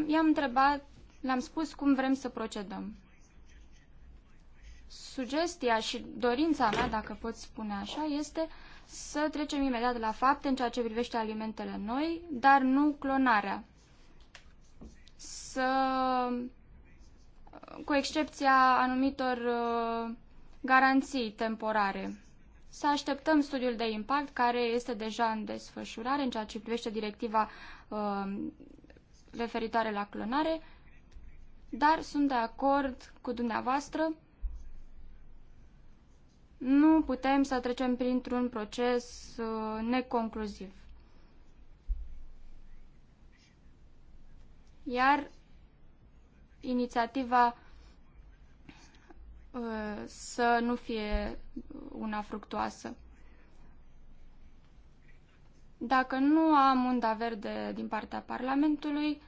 Speaker 3: i-am întrebat, le-am spus cum vrem să procedăm. Sugestia și dorința mea, dacă pot spune așa, este să trecem imediat la fapte în ceea ce privește alimentele noi, dar nu clonarea. Să, cu excepția anumitor uh, garanții temporare. Să așteptăm studiul de impact care este deja în desfășurare în ceea ce privește directiva uh, referitoare la clonare, dar sunt de acord cu dumneavoastră nu putem să trecem printr-un proces uh, neconcluziv. Iar inițiativa uh, să nu fie una fructuoasă. Dacă nu am unda verde din partea Parlamentului,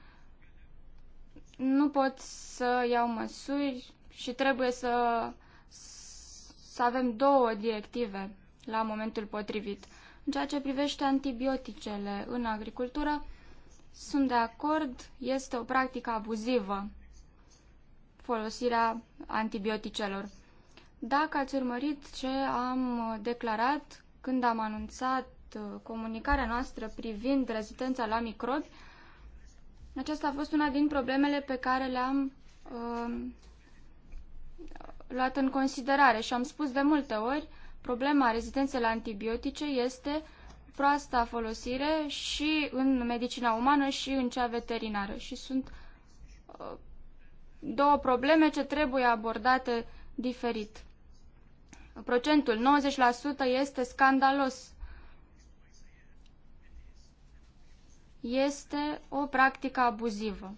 Speaker 3: nu pot să iau măsuri și trebuie să să avem două directive la momentul potrivit. În ceea ce privește antibioticele în agricultură, sunt de acord, este o practică abuzivă folosirea antibioticelor. Dacă ați urmărit ce am declarat când am anunțat uh, comunicarea noastră privind rezistența la microbi, aceasta a fost una din problemele pe care le-am uh, luat în considerare și am spus de multe ori, problema rezistenței la antibiotice este proasta folosire și în medicina umană și în cea veterinară și sunt uh, două probleme ce trebuie abordate diferit. Procentul 90% este scandalos. Este o practică abuzivă.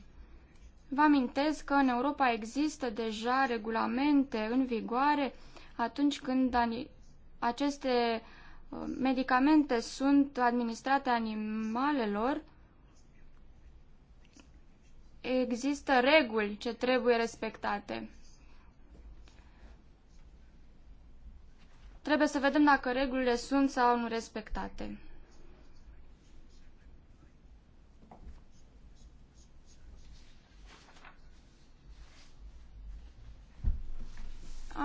Speaker 3: Vă amintesc că în Europa există deja regulamente în vigoare atunci când aceste uh, medicamente sunt administrate animalelor, există reguli ce trebuie respectate. Trebuie să vedem dacă regulile sunt sau nu respectate.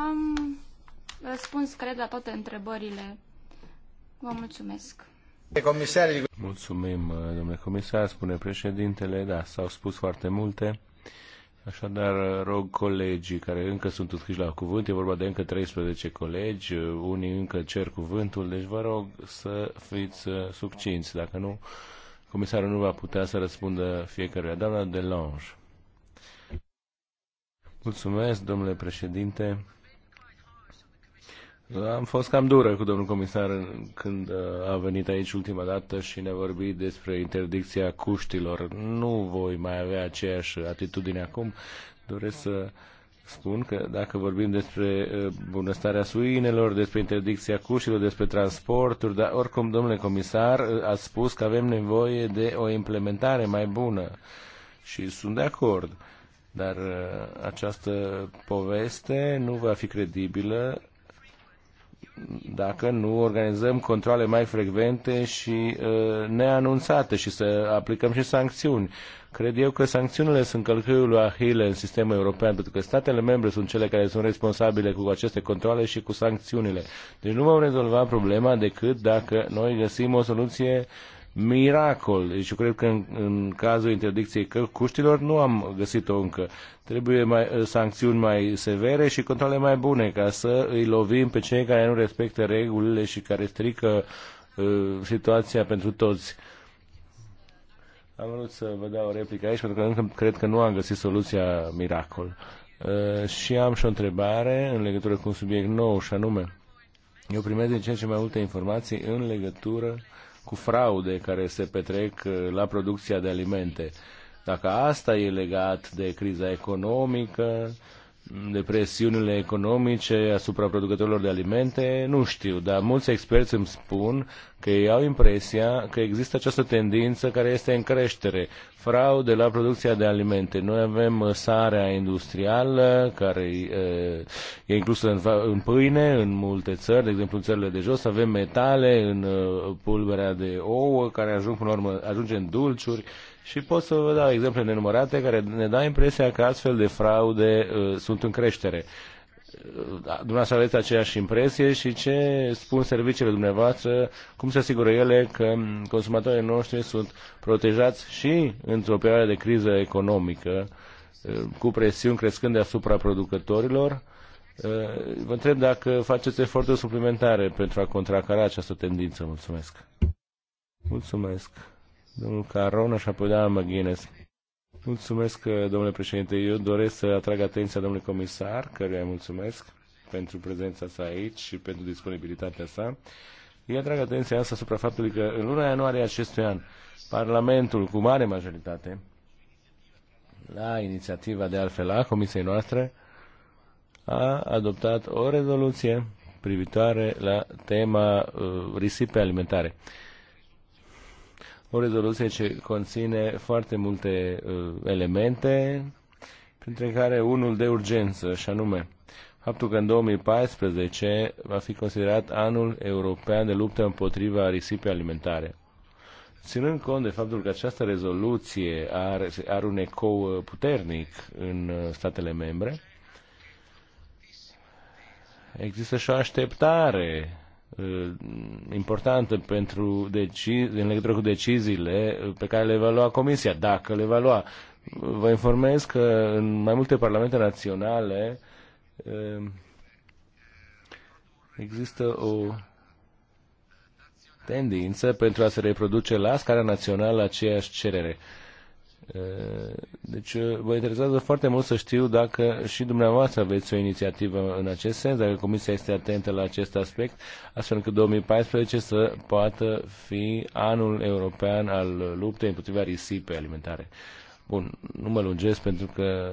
Speaker 3: Am răspuns, cred, la toate întrebările. Vă mulțumesc.
Speaker 1: Comisarii... Mulțumim, domnule comisar, spune președintele. Da, s-au spus foarte multe. Așadar, rog colegii care încă sunt înscriși la cuvânt, e vorba de încă 13 colegi, unii încă cer cuvântul, deci vă rog să fiți uh, succinți, dacă nu, comisarul nu va putea să răspundă fiecăruia. Doamna Delange. Mulțumesc, domnule președinte. Am fost cam dură cu domnul comisar când uh, a venit aici ultima dată și ne-a vorbit despre interdicția cuștilor. Nu voi mai avea aceeași atitudine acum. Doresc să spun că dacă vorbim despre uh, bunăstarea suinelor, despre interdicția cuștilor, despre transporturi, dar oricum, domnule comisar, uh, a spus că avem nevoie de o implementare mai bună și sunt de acord. Dar această poveste nu va fi credibilă dacă nu organizăm controle mai frecvente și uh, neanunțate și să aplicăm și sancțiuni. Cred eu că sancțiunile sunt călcâiul lui Ahile în sistemul european, pentru că statele membre sunt cele care sunt responsabile cu aceste controle și cu sancțiunile. Deci nu vom rezolva problema decât dacă noi găsim o soluție uh, miracol. Deci eu cred că în, în cazul interdicției căcuștilor nu am găsit-o încă. Trebuie mai, eh, sancțiuni mai severe și controle mai bune ca să îi lovim pe cei care nu respectă regulile și care strică uh, situația pentru toți. Am vrut să vă dau o replică aici pentru că încă cred că nu am găsit soluția miracol. Uh, și am și o întrebare în legătură cu un subiect nou și anume eu primesc din ce în ce mai multe informații în legătură cu fraude care se petrec uh, la producția de alimente. Dacă asta e legat de criza economică, de presiunile economice asupra producătorilor de alimente, nu știu, dar mulți experți îmi spun că ei au impresia că există această tendință care este în creștere, fraude la producția de alimente. Noi avem uh, sarea industrială care uh, e inclusă în, pâine în multe țări, de exemplu în țările de jos, avem metale în uh, pulberea de ouă care ajung până la urmă, ajunge în dulciuri, și pot să vă dau exemple nenumărate care ne dau impresia că astfel de fraude uh, sunt în creștere. Uh, da, dumneavoastră aveți aceeași impresie și ce spun serviciile dumneavoastră, cum se asigură ele că consumatorii noștri sunt protejați și într-o perioadă de criză economică, uh, cu presiuni crescând asupra producătorilor. Uh, vă întreb dacă faceți eforturi suplimentare pentru a contracara această tendință. Mulțumesc. Mulțumesc. Domnul Carona și apoi doamna Mulțumesc, uh, domnule președinte. Eu doresc să atrag atenția domnului comisar, căruia mulțumesc pentru prezența sa aici și pentru disponibilitatea sa. Eu atrag atenția asta asupra faptului că în luna ianuarie acestui an, Parlamentul, cu mare majoritate, la inițiativa de altfel a comisiei noastre, a adoptat o rezoluție privitoare la tema uh, risipe alimentare. Uh, o rezoluție ce conține foarte multe uh, elemente, printre care unul de urgență, și anume faptul că în 2014 va fi considerat anul european de luptă împotriva risipei alimentare. Ținând cont de faptul că această rezoluție are, are un ecou uh, puternic în uh, statele membre, există și o așteptare Uh, importantă pentru deci, în legătură cu deciziile pe care le va lua Comisia, dacă le va lua. Vă informez că în mai multe parlamente naționale uh, există o tendință pentru a se reproduce la scara națională aceeași cerere. Deci vă interesează foarte mult să știu dacă și dumneavoastră aveți o inițiativă în acest sens, dacă Comisia este atentă la acest aspect, astfel că 2014 să poată fi anul european al luptei împotriva risipei alimentare. Bun, nu mă lungesc pentru că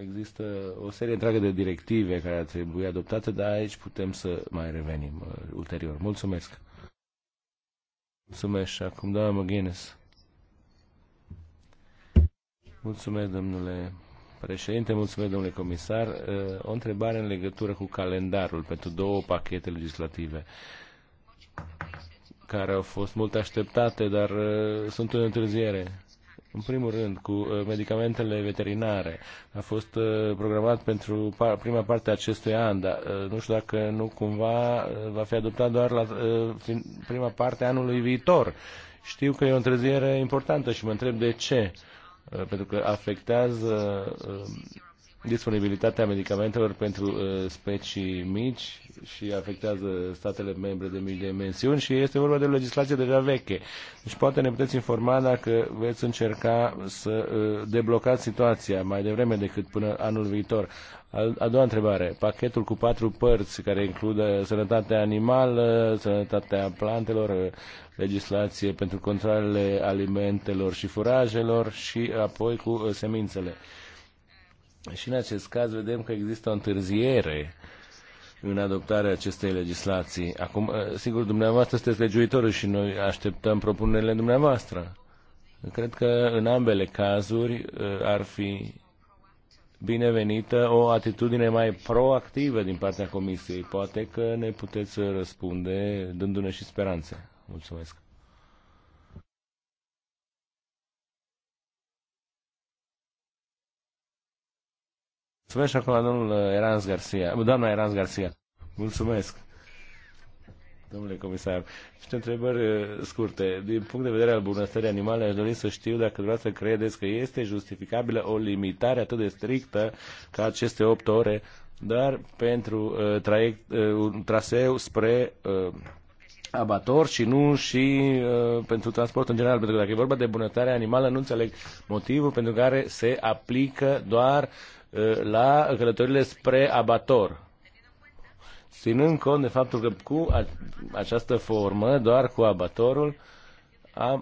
Speaker 1: există o serie întreagă de directive care ar trebui adoptate, dar aici putem să mai revenim uh, ulterior. Mulțumesc! Mulțumesc și acum doamna McGuinness. Mulțumesc, domnule președinte, mulțumesc, domnule comisar. Uh, o întrebare în legătură cu calendarul pentru două pachete legislative care au fost mult așteptate, dar uh, sunt în întârziere. În primul rând, cu uh, medicamentele veterinare. A fost programat pentru prima parte a acestui an, dar nu știu dacă nu cumva va fi adoptat doar la prima parte a anului viitor. Știu că e o întârziere importantă și mă întreb de ce Uh, pentru că afectează um, disponibilitatea medicamentelor pentru uh, specii mici și afectează statele membre de mici dimensiuni și este vorba de legislație deja veche. Deci poate ne puteți informa dacă veți încerca să uh, deblocați situația mai devreme decât până anul viitor. Al, a doua întrebare, pachetul cu patru părți care include sănătatea animală, sănătatea plantelor, uh, legislație pentru controlele alimentelor și furajelor și apoi cu uh, semințele. Uh, și în acest caz vedem că există o întârziere în adoptarea acestei legislații. Acum, ă, sigur, dumneavoastră sunteți legiuitorul și noi așteptăm propunerile dumneavoastră. Cred că în ambele cazuri ă, ar fi binevenită o atitudine mai proactivă din partea Comisiei. Poate că ne puteți răspunde dându-ne și speranțe. Mulțumesc. Mulțumesc acum domnul uh, Erans Garcia, doamna Erans Garcia. Mulțumesc. Domnule comisar, niște întrebări uh, scurte. Din punct de vedere al bunăstării animale, aș dori să știu dacă dumneavoastră credeți că este justificabilă o limitare atât de strictă ca aceste 8 ore, dar pentru uh, traiect, uh, un traseu spre uh, abator și nu și uh, pentru transport în general, pentru că dacă e vorba de bunăstare animală, nu înțeleg motivul pentru care se aplică doar uh, Uh, la călătorile spre abator. Ținând cont de faptul că cu această formă, doar cu abatorul,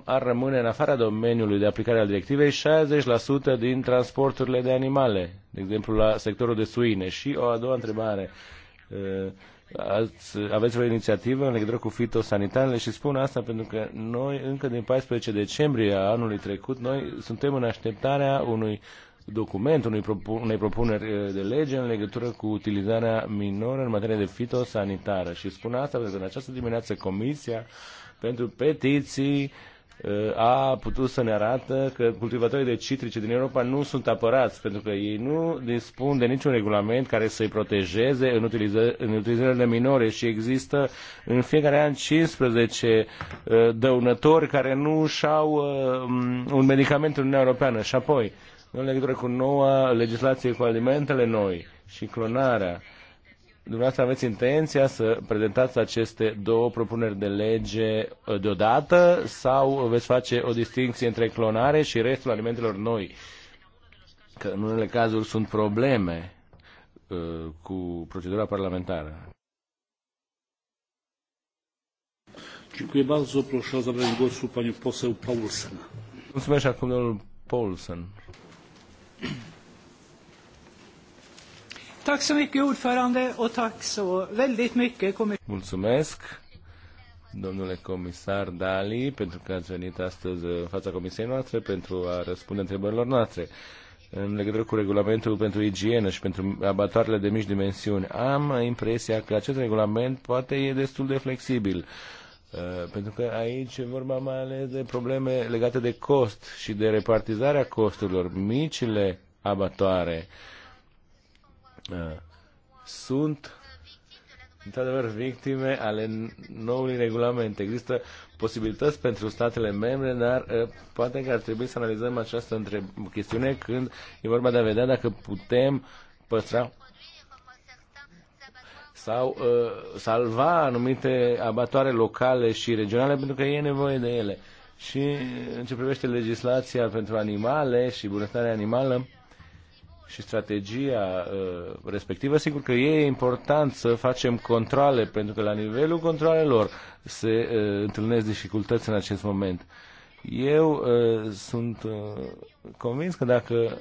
Speaker 1: ar rămâne în afara domeniului de aplicare al directivei 60% din transporturile de animale, de exemplu la sectorul de suine. Și o a doua întrebare. Uh, ați, aveți o inițiativă în legătură cu fitosanitarele și spun asta pentru că noi încă din 14 decembrie a anului trecut, noi suntem în așteptarea unui documentul unei, propun- unei propuneri eh, de lege în legătură cu utilizarea minoră în materie de fitosanitară. Și spun asta pentru că în această dimineață Comisia pentru Petiții eh, a putut să ne arată că cultivatorii de citrice din Europa nu sunt apărați, pentru că ei nu dispun de niciun regulament care să-i protejeze în, utiliză, în utilizările minore și există în fiecare an 15 eh, dăunători care nu și-au un medicament în Uniunea Europeană. Și apoi, în legătură cu noua legislație cu alimentele noi și clonarea. Dumneavoastră aveți intenția să prezentați aceste două propuneri de lege uh, deodată sau veți face o distinție între clonare și restul alimentelor noi? Că în unele cazuri sunt probleme uh, cu procedura parlamentară. Dziękuję bardzo. Proszę o zabranie głosu panią poseł Paulsen. Mulțumesc acum domnul Paulsen. Tack så mycket ordförande och tack så
Speaker 2: väldigt mycket
Speaker 1: Mulțumesc, domnule comisar Dali, pentru că ați venit astăzi în fața comisiei noastre pentru a răspunde întrebărilor noastre în legătură cu regulamentul pentru igienă și pentru abatoarele de mici dimensiuni. Am impresia că acest regulament poate e destul de flexibil Uh, pentru că aici e vorba mai ales de probleme legate de cost și de repartizarea costurilor. Micile abatoare uh, sunt într-adevăr victime ale noului regulament. Există posibilități pentru statele membre, dar uh, poate că ar trebui să analizăm această chestiune când e vorba de a vedea dacă putem păstra sau uh, salva anumite abatoare locale și regionale pentru că e nevoie de ele. Și uh, în ce privește legislația pentru animale și bunăstarea animală și strategia uh, respectivă, sigur că e important să facem controle, pentru că la nivelul controlelor se uh, întâlnesc dificultăți în acest moment. Eu uh, sunt uh, convins că dacă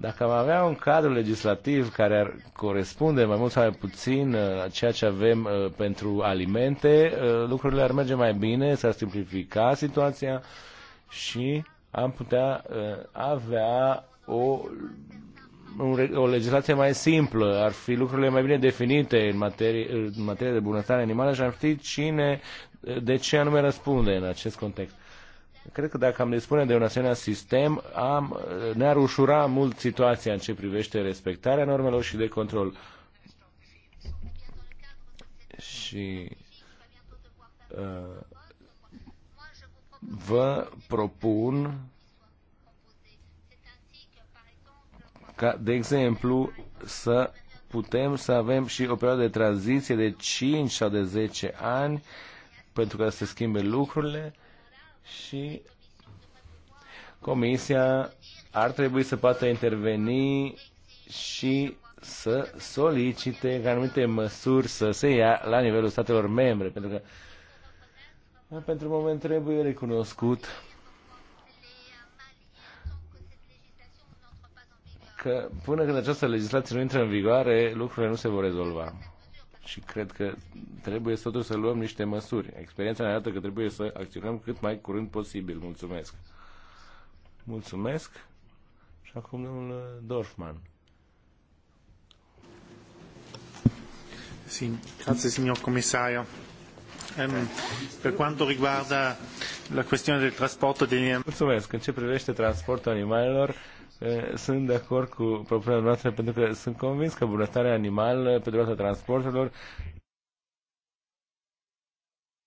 Speaker 1: dacă am avea un cadru legislativ care ar corespunde mai mult sau mai puțin uh, la ceea ce avem uh, pentru alimente, uh, lucrurile ar merge mai bine, s-ar simplifica situația și am putea avea o, o legislație mai simplă, ar fi lucrurile mai bine definite în materie, în materie de bunăstare animală și ar ști cine, de ce anume răspunde în acest context. Cred că dacă am dispune de un asemenea sistem, am, ne-ar ușura mult situația în ce privește respectarea normelor și de control. Și uh, vă propun ca, de exemplu, să putem să avem și o perioadă de tranziție de 5 sau de 10 ani pentru ca să se schimbe lucrurile și Comisia ar trebui să poată interveni și să solicite ca anumite măsuri să se ia la nivelul statelor membre, pentru că pentru moment trebuie recunoscut că până când această legislație nu intră în vigoare, lucrurile nu se vor rezolva și cred că trebuie să totuși să luăm niște măsuri. Experiența ne arată că trebuie să acționăm cât mai curând posibil. Mulțumesc. Mulțumesc. Și acum domnul Dorfman. Sì, grazie signor commissario. Um, per quanto riguarda la questione del trasporto degli animali. Mulțumesc. În ce privește transportul animalelor, sunt de acord cu propunerea noastră pentru că sunt convins că bunăstarea animală pe durata transporturilor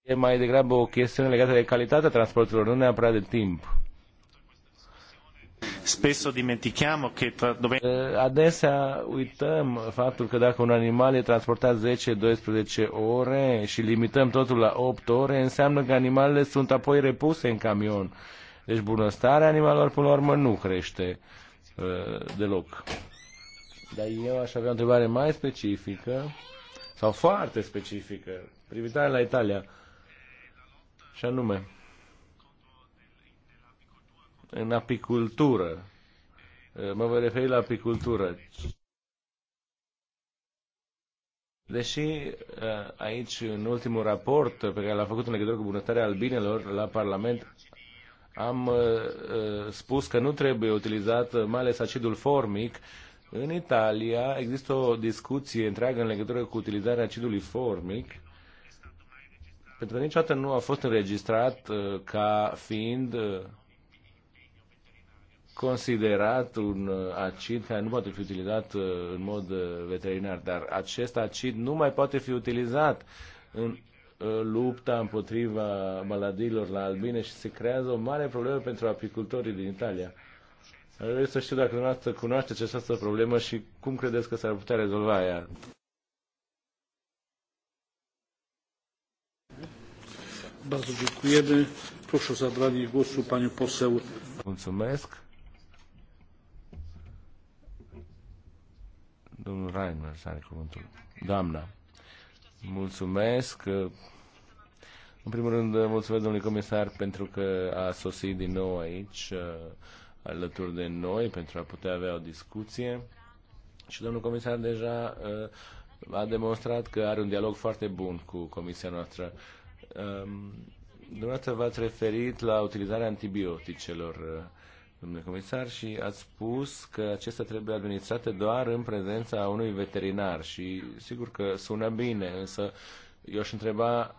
Speaker 1: e mai degrabă o chestiune legată de calitatea transporturilor, nu neapărat de timp. Spesso dimentichiamo che tra... Adesea uităm faptul că dacă un animal e transportat 10-12 ore și limităm totul la 8 ore, înseamnă că animalele sunt apoi repuse în camion. Deci bunăstarea animalelor, până la urmă, nu crește. Uh, deloc. Dar eu aș avea o întrebare mai specifică, sau foarte specifică, privitare la Italia. Și anume, în apicultură, uh, mă voi referi la apicultură. Deși uh, aici, în ultimul raport pe care l-a făcut în legătură cu bunătarea albinelor la Parlament, am uh, uh, spus că nu trebuie utilizat uh, mai ales acidul formic. În Italia există o discuție întreagă în legătură cu utilizarea acidului formic, pentru că niciodată nu a fost înregistrat uh, ca fiind uh, considerat un uh, acid care nu poate fi utilizat în mod veterinar, dar acest acid nu mai poate fi utilizat în lupta împotriva maladiilor la albine și se creează o mare problemă pentru apicultorii din Italia. Vreau să știu dacă dumneavoastră cunoașteți această problemă și cum credeți că s-ar putea rezolva ea. Bardzo dziękujemy. Proszę o zabranie głosu panią poseł. Mulțumesc. Domnul Reiner are cuvântul. Doamna. Mulțumesc. În primul rând, mulțumesc domnului comisar pentru că a sosit din nou aici uh, alături de noi pentru a putea avea o discuție. Și domnul comisar deja uh, a demonstrat că are un dialog foarte bun cu comisia noastră. Um, dumneavoastră v-ați referit la utilizarea antibioticelor uh, domnule comisar, și ați spus că acestea trebuie administrate doar în prezența unui veterinar și sigur că sună bine, însă eu aș întreba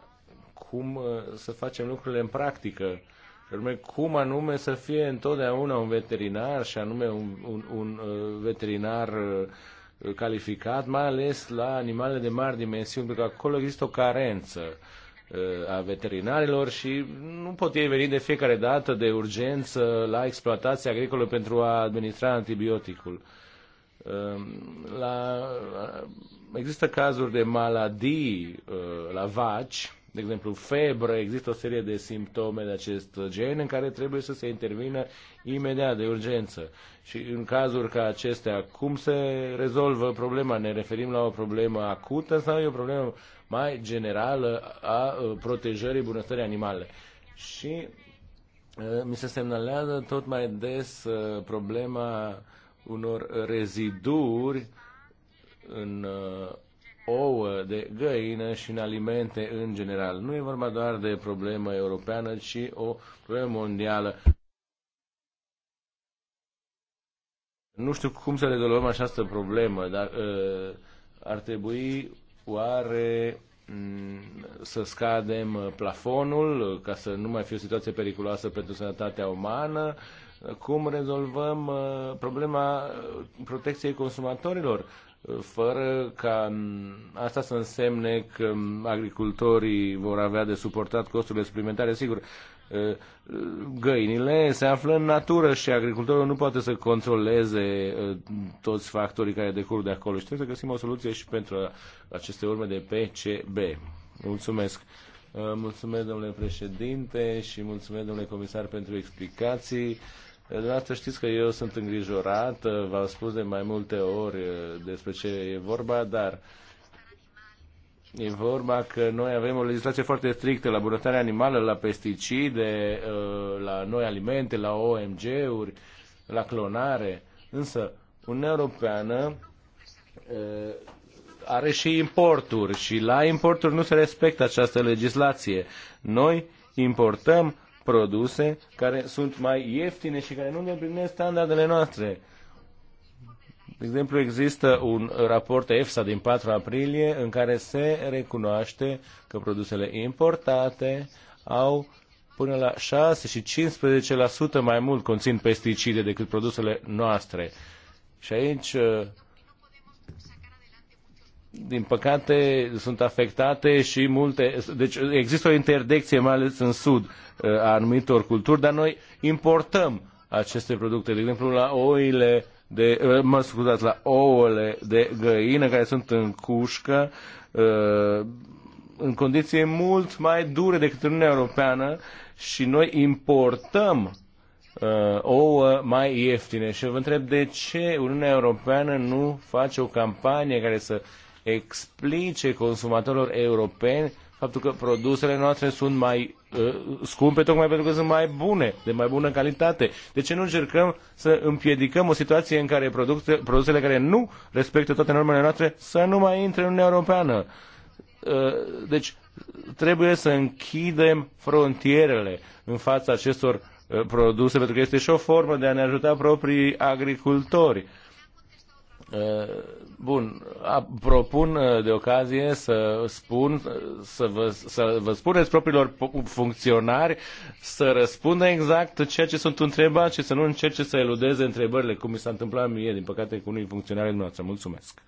Speaker 1: cum uh, să facem lucrurile în practică. cum anume să fie întotdeauna un veterinar și anume un, un, un uh, veterinar uh, calificat, mai ales la animale de mari dimensiuni, pentru că acolo există o carență a veterinarilor și nu pot ei veni de fiecare dată de urgență la exploatația agricolă pentru a administra antibioticul. Ehm, la, există cazuri de maladii ă, la vaci, de exemplu febră, există o serie de simptome de acest gen în care trebuie să se intervină imediat de urgență. Și în cazuri ca acestea, cum se rezolvă problema? Ne referim la o problemă acută sau e o problemă mai generală a uh, protejării bunăstării animale. Și uh, mi se semnalează tot mai des uh, problema unor reziduri în ouă de găină și în alimente în general. Nu e vorba doar de problemă europeană, ci o problemă mondială. Nu știu cum să rezolvăm această problemă, dar uh, ar trebui Oare mm, să scadem uh, plafonul uh, ca să nu mai fie o situație periculoasă pentru sănătatea umană? Uh, cum rezolvăm problema protecției consumatorilor? fără ca mm, asta să însemne că mm, agricultorii vor avea de suportat costurile suplimentare. Sigur, găinile se află în natură și agricultorul nu poate să controleze toți factorii care decur de acolo și trebuie să găsim o soluție și pentru aceste urme de PCB. Mulțumesc! Mulțumesc, domnule președinte, și mulțumesc, domnule comisar, pentru explicații. Dumneavoastră știți că eu sunt îngrijorat, v-am spus de mai multe ori despre ce e vorba, dar uh, E vorba că noi avem o legislație foarte strictă la bunătarea animală, la pesticide, uh, la noi alimente, la OMG-uri, la clonare. Însă, Uniunea Europeană uh, are și importuri și la importuri nu se respectă această legislație. Noi importăm produse care sunt mai ieftine și care nu îndeplinesc standardele noastre. De exemplu, există un raport EFSA din 4 aprilie în care se recunoaște că produsele importate au până la 6 și 15% mai mult conțin pesticide decât produsele noastre. Și aici, uh, din păcate, sunt afectate și multe... Deci există o interdicție, mai ales în Sud, uh, a anumitor culturi, dar noi importăm aceste produse. De exemplu, la oile de, eh, mă scuzați, la ouăle de găină care sunt în cușcă, eh, în condiții mult mai dure decât în Uniunea Europeană și noi importăm eh, ouă mai ieftine. Și vă întreb de ce Uniunea Europeană nu face o campanie care să explice consumatorilor europeni faptul că produsele noastre sunt mai uh, scumpe tocmai pentru că sunt mai bune, de mai bună calitate. De ce nu încercăm să împiedicăm o situație în care produse, produsele care nu respectă toate normele noastre să nu mai intre în Uniunea Europeană? Uh, deci trebuie să închidem frontierele în fața acestor uh, produse, pentru că este și o formă de a ne ajuta proprii agricultori. Uh, Bun, propun uh, de ocazie să spun, uh, să vă, să vă spuneți propriilor funcționari să răspundă exact ceea ce sunt întrebați și să nu încerce să eludeze întrebările, cum mi s-a întâmplat mie, din păcate, cu unui funcționar din noastră. Mulțumesc!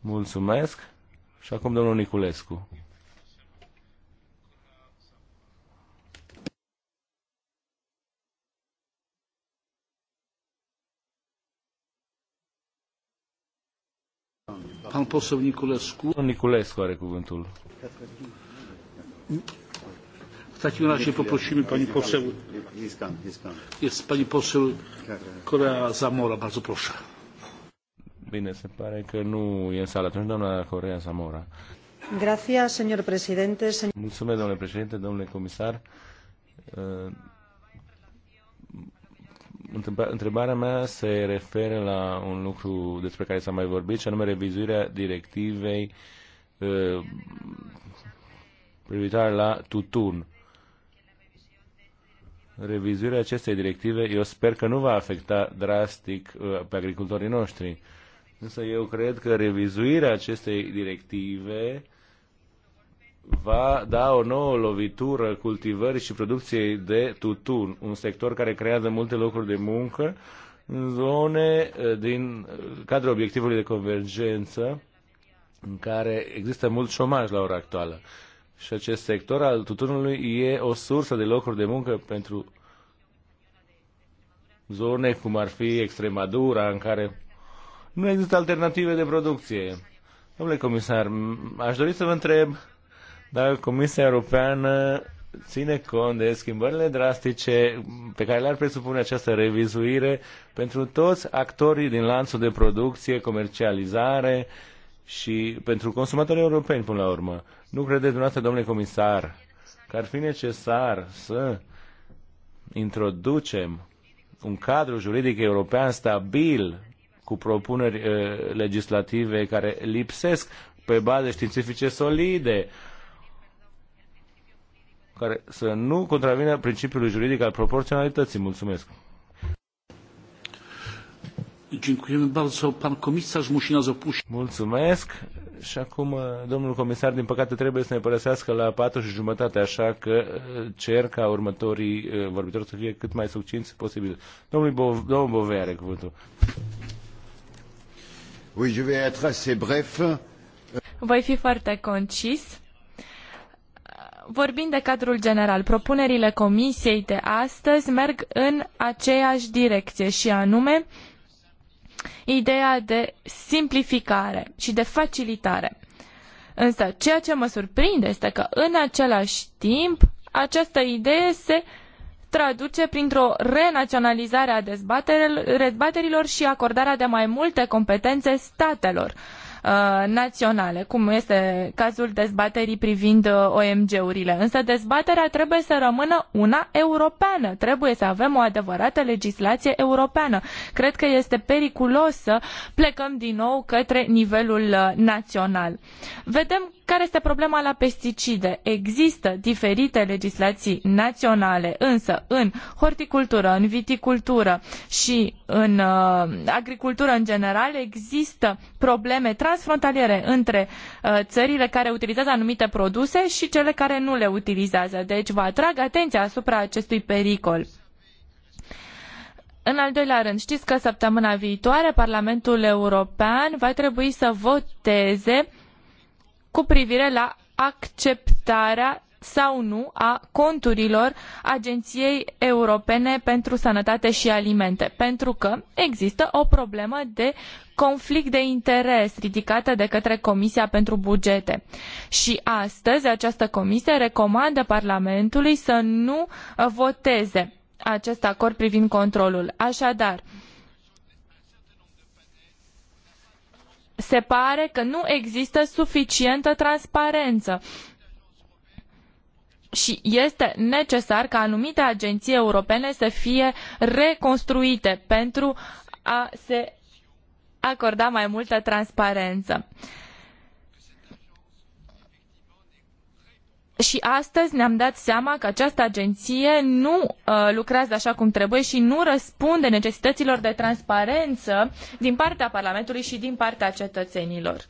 Speaker 1: Mulțumesc! Și acum domnul Niculescu. Pan poseł Niculescu. Pan Niculescu are cuvântul. W takim razie poprosimy pani poseł. Jest pani poseł Korea Zamora, bardzo proszę. Bine, se pare că nu e în sală. Atunci, doamna Corea Zamora. Gracias, señor presidente. Señor... Mulțumesc, domnule președinte, domnule comisar întrebarea mea se referă la un lucru despre care s-a mai vorbit, și anume revizuirea directivei uh, privitoare la tutun. Revizuirea acestei directive, eu sper că nu va afecta drastic uh, pe agricultorii noștri. Însă eu cred că revizuirea acestei directive uh, va da o nouă lovitură cultivării și producției de tutun, un sector care creează multe locuri de muncă în zone eh, din eh, cadrul obiectivului de convergență în care există mult șomaj la ora actuală. Și acest sector al tutunului e o sursă de locuri de muncă pentru zone cum ar fi Extremadura, în care nu există alternative de producție. Domnule comisar, aș dori să vă întreb dar Comisia Europeană ține cont de schimbările drastice pe care le-ar presupune această revizuire pentru toți actorii din lanțul de producție, comercializare și pentru consumatorii europeni până la urmă. Nu credeți dumneavoastră, domnule comisar, că ar fi necesar să introducem un cadru juridic european stabil cu propuneri uh, legislative care lipsesc pe baze științifice solide, uh, care să nu contravină principiului juridic al proporționalității. Mulțumesc. Mulțumesc. Și acum uh, domnul comisar, din păcate, trebuie să ne părăsească la patru și jumătate, așa că uh, cer ca următorii uh, vorbitori să fie cât mai succinți posibil. Domnul, Bo- domnul Bove are cuvântul. Oui, je vais être assez bref.
Speaker 2: Voi fi foarte concis vorbind de cadrul general, propunerile comisiei de astăzi merg în aceeași direcție și anume ideea de simplificare și de facilitare. Însă, ceea ce mă surprinde este că în același timp această idee se traduce printr-o renaționalizare a dezbaterilor și acordarea de mai multe competențe statelor Uh, naționale, cum este cazul dezbaterii privind uh, OMG-urile. Însă dezbaterea trebuie să rămână una europeană. Trebuie să avem o adevărată legislație europeană. Cred că este periculos să plecăm din nou către nivelul uh, național. Vedem care este problema la pesticide? Există diferite legislații naționale, însă în horticultură, în viticultură și în uh, agricultură în general există probleme transfrontaliere între uh, țările care utilizează anumite produse și cele care nu le utilizează. Deci vă atrag atenția asupra acestui pericol. În al doilea rând, știți că săptămâna viitoare Parlamentul European va trebui să voteze cu privire la acceptarea sau nu a conturilor Agenției Europene pentru Sănătate și Alimente, pentru că există o problemă de conflict de interes ridicată de către Comisia pentru Bugete. Și astăzi această comisie recomandă Parlamentului să nu voteze acest acord privind controlul. Așadar, uh, se pare că nu există suficientă transparență. Și este necesar ca anumite agenții europene să fie reconstruite pentru a se acorda mai multă transparență. și astăzi ne-am dat seama că această agenție nu uh, lucrează așa cum trebuie și nu răspunde necesităților de transparență din partea Parlamentului și din partea cetățenilor.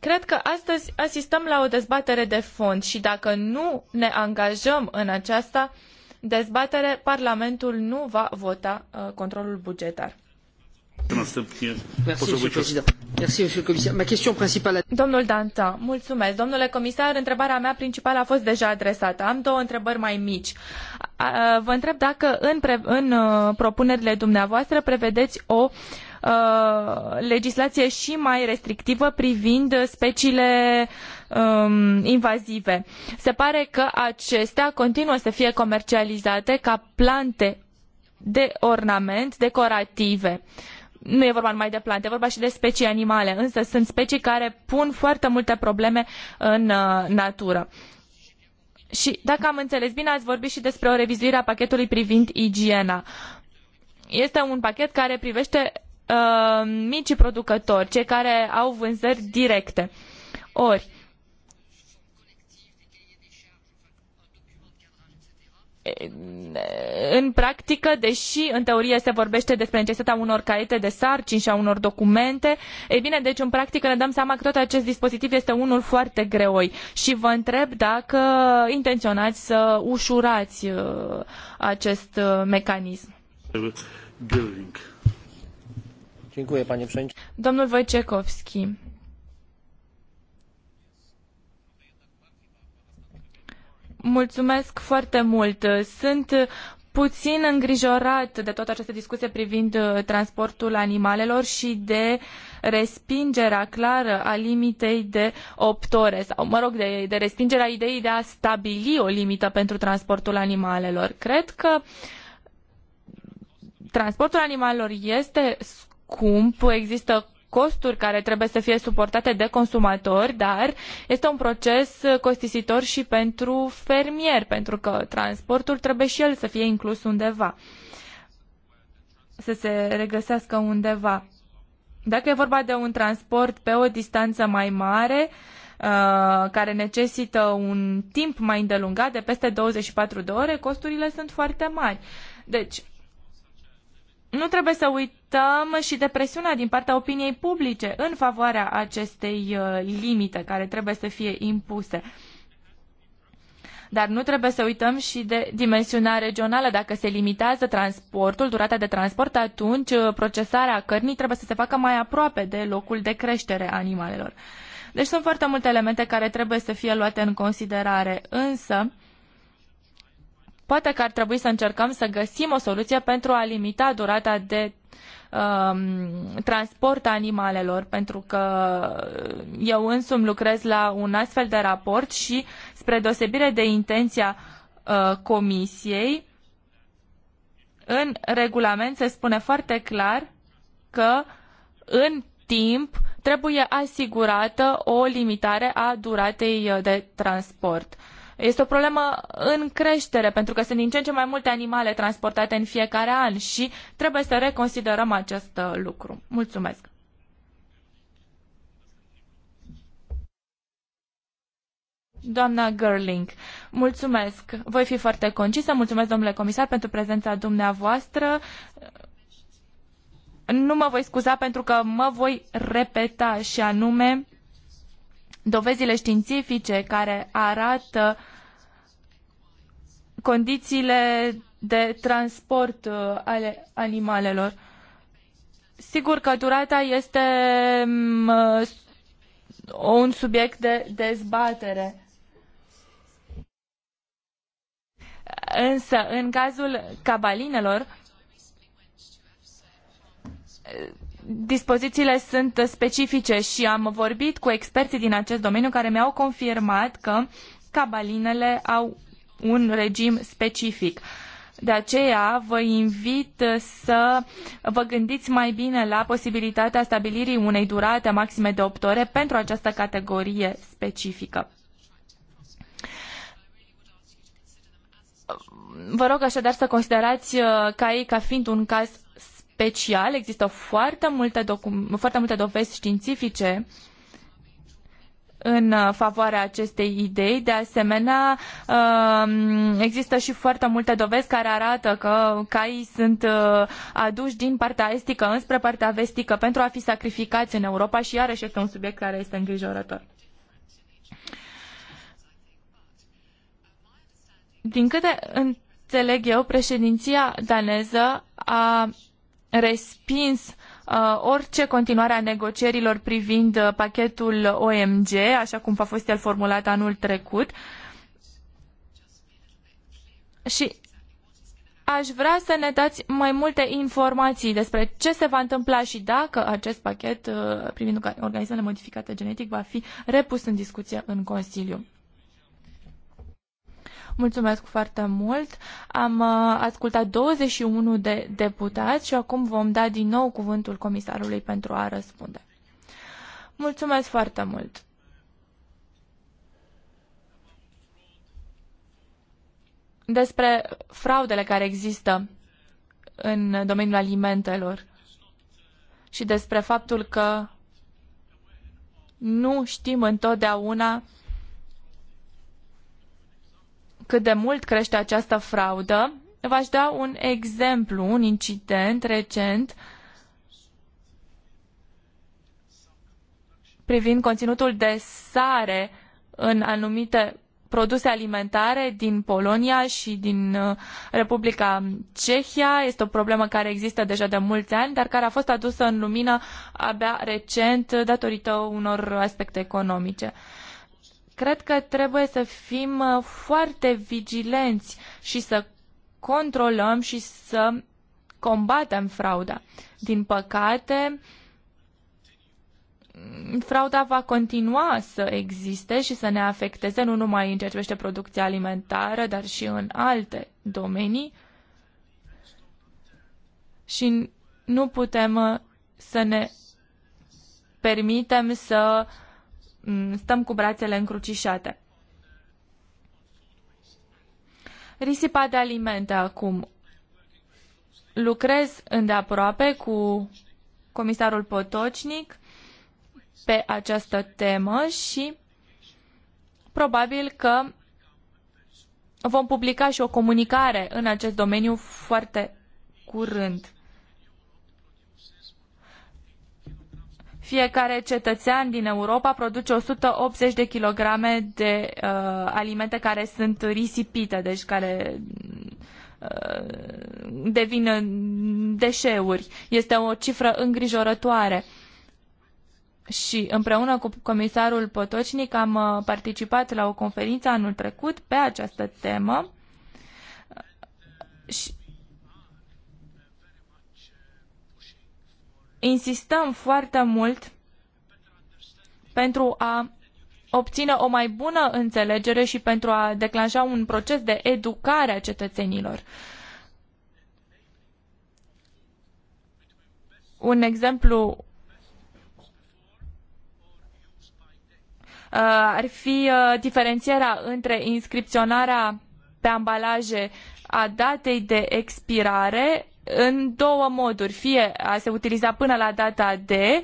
Speaker 2: Cred că astăzi asistăm la o dezbatere de fond și dacă nu ne angajăm în aceasta dezbatere, Parlamentul nu va vota uh, controlul bugetar. Domnul Danta, mulțumesc. Domnule comisar, întrebarea mea principală a fost deja adresată. Am două întrebări mai mici. Vă întreb dacă în, pre- în uh, propunerile dumneavoastră prevedeți o uh, legislație și mai restrictivă privind speciile um, invazive. Se pare că acestea continuă să fie comercializate ca plante de ornament decorative nu e vorba numai de plante, e vorba și de specii animale, însă sunt specii care pun foarte multe probleme în uh, natură. Și dacă am înțeles bine, ați vorbit și despre o revizuire a pachetului privind igiena. Este un pachet care privește uh, micii producători, cei care au vânzări directe. Ori, în practică, deși în teorie se vorbește despre necesitatea unor caiete de sarcini și a unor documente, ei bine, deci în practică ne dăm seama că tot acest dispozitiv este unul foarte greoi și vă întreb dacă intenționați să ușurați uh, acest uh, mecanism. Domnul Wojciechowski. Mulțumesc foarte mult. Sunt puțin îngrijorat de toată această discuție privind uh, transportul animalelor și de respingerea clară a limitei de opt ore sau, mă rog, de, de respingerea ideii de a stabili o limită pentru transportul animalelor. Cred că transportul animalelor este scump, există costuri care trebuie să fie suportate de consumatori, dar este un proces costisitor și pentru fermier, pentru că transportul trebuie și el să fie inclus undeva, să se regăsească undeva. Dacă e vorba de un transport pe o distanță mai mare, uh, care necesită un timp mai îndelungat, de peste 24 de ore, costurile sunt foarte mari. Deci, nu trebuie să uităm și de presiunea din partea opiniei publice în favoarea acestei uh, limite care trebuie să fie impuse. Dar nu trebuie să uităm și de dimensiunea regională. Dacă se limitează transportul, durata de transport, atunci uh, procesarea cărnii trebuie să se facă mai aproape de locul de creștere a animalelor. Deci sunt foarte multe elemente care trebuie să fie luate în considerare, însă Poate că ar trebui să încercăm să găsim o soluție pentru a limita durata de um, transport a animalelor, pentru că eu însumi lucrez la un astfel de raport și, spre deosebire de intenția uh, comisiei, în regulament se spune foarte clar că în timp trebuie asigurată o limitare a duratei uh, de transport. Uh, este o problemă în creștere, pentru că sunt din ce în ce mai multe animale transportate în fiecare an și trebuie să reconsiderăm acest uh, lucru. Mulțumesc! Doamna Gerling, mulțumesc. Voi fi foarte concisă. Mulțumesc, domnule comisar, pentru prezența dumneavoastră. Nu mă voi scuza pentru că mă voi repeta și anume dovezile științifice care arată uh, condițiile de transport uh, ale animalelor. Sigur că durata este mm, uh, un subiect de dezbatere. Însă, în cazul cabalinelor, dispozițiile sunt specifice și am vorbit cu experții din acest domeniu care mi-au confirmat că cabalinele au un regim specific. De aceea vă invit să vă gândiți mai bine la posibilitatea stabilirii unei durate maxime de 8 ore pentru această categorie specifică. Vă rog așadar să considerați uh, CAI ca fiind un caz special. Există foarte multe, foarte multe dovezi științifice uh, în uh, favoarea acestei idei. De asemenea, um, există și foarte multe dovezi care arată că caii sunt uh, aduși din partea estică înspre partea vestică pentru a fi sacrificați în Europa și iarăși este un subiect care este îngrijorător. Din câte înțeleg eu, președinția daneză a respins Uh, orice continuare a negocierilor privind uh, pachetul OMG, așa cum a fost el formulat anul trecut. Și aș vrea să ne dați mai multe informații despre ce se va întâmpla și dacă acest pachet uh, privind organismele modificate genetic va fi repus în discuție în Consiliu. Mulțumesc foarte mult. Am uh, ascultat 21 de deputați și acum vom da din nou cuvântul comisarului pentru a răspunde. Mulțumesc foarte mult. Despre fraudele care există în domeniul alimentelor și despre faptul că nu știm întotdeauna cât de mult crește această fraudă, v-aș da un exemplu, un incident recent privind conținutul de sare în anumite produse alimentare din Polonia și din uh, Republica Cehia. Este o problemă care există deja de mulți ani, dar care a fost adusă în lumină abia recent datorită unor aspecte economice. Cred că trebuie să fim uh, foarte vigilenți și să controlăm și să combatem frauda. Din păcate, frauda va continua să existe și să ne afecteze nu numai în ceea ce privește producția alimentară, dar și în alte domenii. Și nu putem uh, să ne permitem să uh, stăm cu brațele încrucișate. Risipa de alimente acum. Lucrez îndeaproape cu comisarul Potocnic pe această temă și probabil că vom publica și o comunicare în acest domeniu foarte curând. Fiecare cetățean din Europa produce 180 de kilograme de uh, alimente care sunt risipite, deci care uh, devin uh, deșeuri. Este o cifră îngrijorătoare și împreună cu comisarul Potocnic am uh, participat la o conferință anul trecut pe această temă și insistăm foarte mult pentru a obține o mai bună înțelegere și pentru a declanșa un proces de educare a cetățenilor. Un exemplu uh, ar fi uh, diferențierea între inscripționarea pe ambalaje a datei de expirare în două moduri, fie a se utiliza până la data de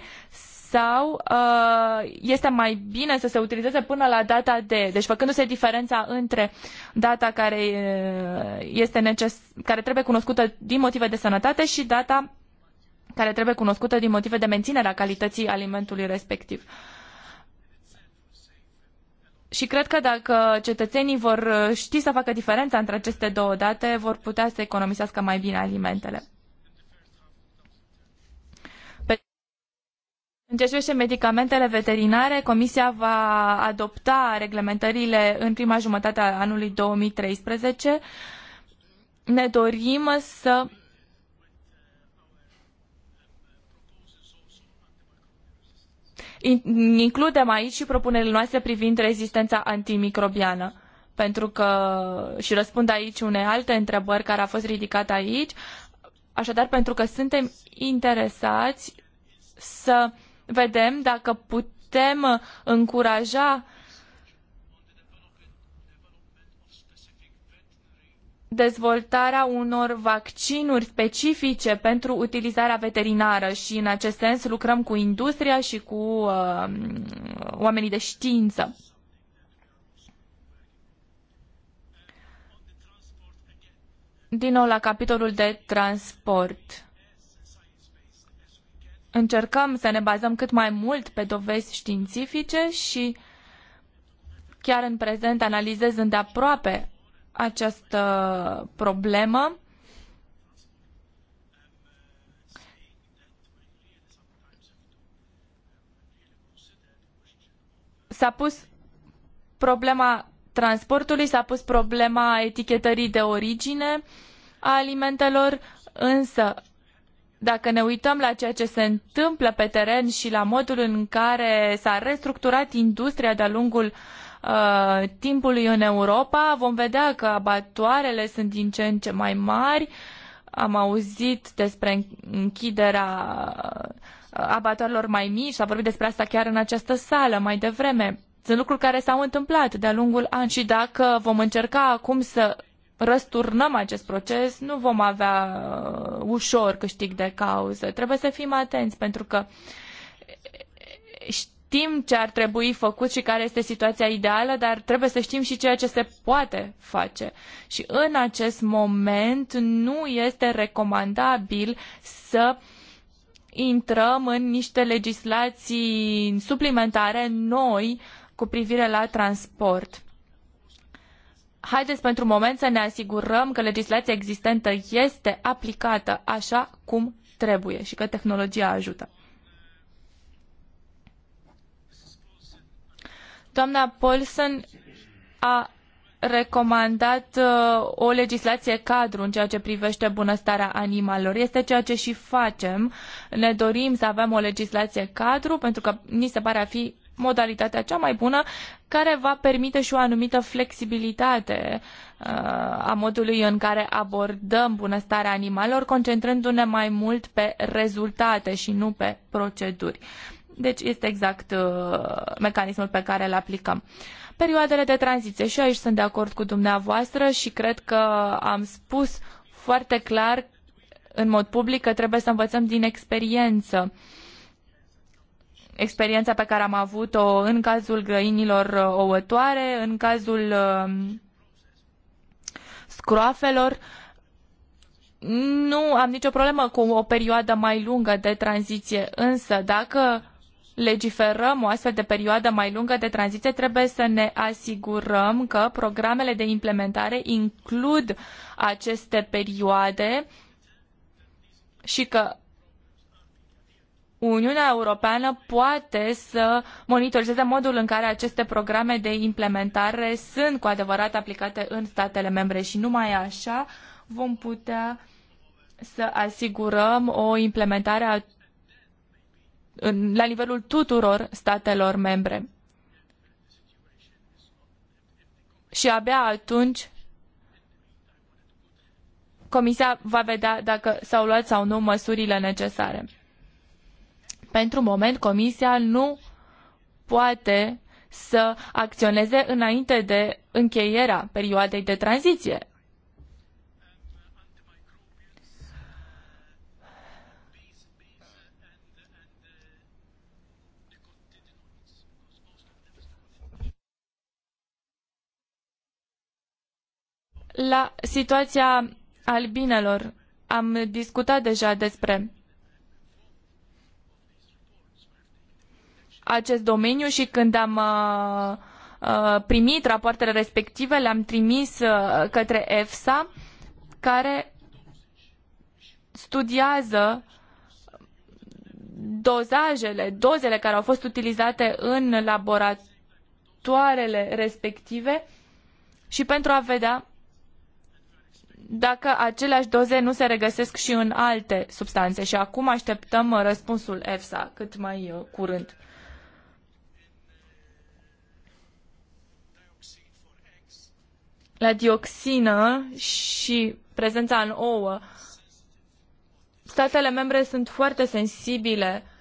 Speaker 2: sau uh, este mai bine să se utilizeze până la data de. Deci făcându-se diferența între data care, uh, este neces- care trebuie cunoscută din motive de sănătate și data care trebuie cunoscută din motive de menținere a calității alimentului respectiv. Uh, și cred că dacă cetățenii vor uh, ști să facă diferența între aceste două date, vor putea să economisească mai bine alimentele. În ceea ce privește medicamentele veterinare, Comisia va adopta reglementările în prima jumătate a anului 2013. Ne dorim să includem aici și propunerile noastre privind rezistența antimicrobiană pentru că și răspund aici unei alte întrebări care a fost ridicată aici. Așadar, pentru că suntem interesați să vedem dacă putem încuraja uh, dezvoltarea unor vaccinuri specifice pentru utilizarea veterinară și în acest sens lucrăm cu industria și cu uh, oamenii de știință. Din nou la capitolul de transport. Încercăm să ne bazăm cât mai mult pe dovezi științifice și chiar în prezent analizez îndeaproape această problemă. S-a pus problema transportului, s-a pus problema etichetării de origine a alimentelor, însă dacă ne uităm la ceea ce se întâmplă pe teren și la modul în care s-a restructurat industria de-a lungul uh, Uh, timpului în Europa, vom vedea că abatoarele sunt din ce în ce mai mari. Am auzit despre închiderea uh, abatoarelor mai mici, s-a vorbit despre asta chiar în această sală mai devreme. Sunt lucruri care s-au întâmplat de-a lungul an și dacă vom încerca acum să răsturnăm acest proces, nu vom avea uh, ușor câștig de cauză. Trebuie să fim atenți pentru că știm ce ar trebui făcut și care este situația ideală, dar trebuie să știm și ceea ce se poate face. Și în acest moment nu este recomandabil să intrăm în niște legislații suplimentare noi cu privire la transport. Haideți pentru moment să ne asigurăm că legislația existentă este aplicată așa cum trebuie și că tehnologia ajută. Doamna Paulsen a recomandat uh, o legislație cadru în ceea ce privește bunăstarea animalelor. Este ceea ce și facem. Ne dorim să avem o legislație cadru pentru că ni se pare a fi modalitatea cea mai bună care va permite și o anumită flexibilitate uh, a modului în care abordăm bunăstarea animalelor, concentrându-ne mai mult pe rezultate și nu pe proceduri. Deci este exact uh, mecanismul pe care îl aplicăm. Perioadele de tranziție și aici sunt de acord cu dumneavoastră și cred că am spus foarte clar în mod public că trebuie să învățăm din experiență experiența pe care am avut-o în cazul grăinilor uh, ouătoare, în cazul um, scroafelor. Nu am nicio problemă cu o perioadă mai lungă de tranziție, însă dacă legiferăm o astfel de perioadă mai lungă de tranziție, trebuie să ne asigurăm că programele de implementare includ aceste perioade și că Uniunea Europeană poate să monitorizeze modul în care aceste programe de implementare sunt cu adevărat aplicate în statele membre și numai așa vom putea să asigurăm o implementare a în, la nivelul tuturor statelor membre. Și abia atunci Comisia va vedea dacă s-au luat sau nu măsurile necesare. Pentru moment, Comisia nu poate să acționeze înainte de încheierea perioadei de tranziție la situația albinelor. Am discutat deja despre acest domeniu și când am uh, uh, primit rapoartele respective, le-am trimis uh, către EFSA, care studiază dozajele, dozele care au fost utilizate în laboratoarele respective și pentru a vedea dacă aceleași doze nu se regăsesc și în alte substanțe. Și acum așteptăm uh, răspunsul EFSA cât mai uh, curând. La dioxină și prezența în ouă, statele membre sunt foarte sensibile uh,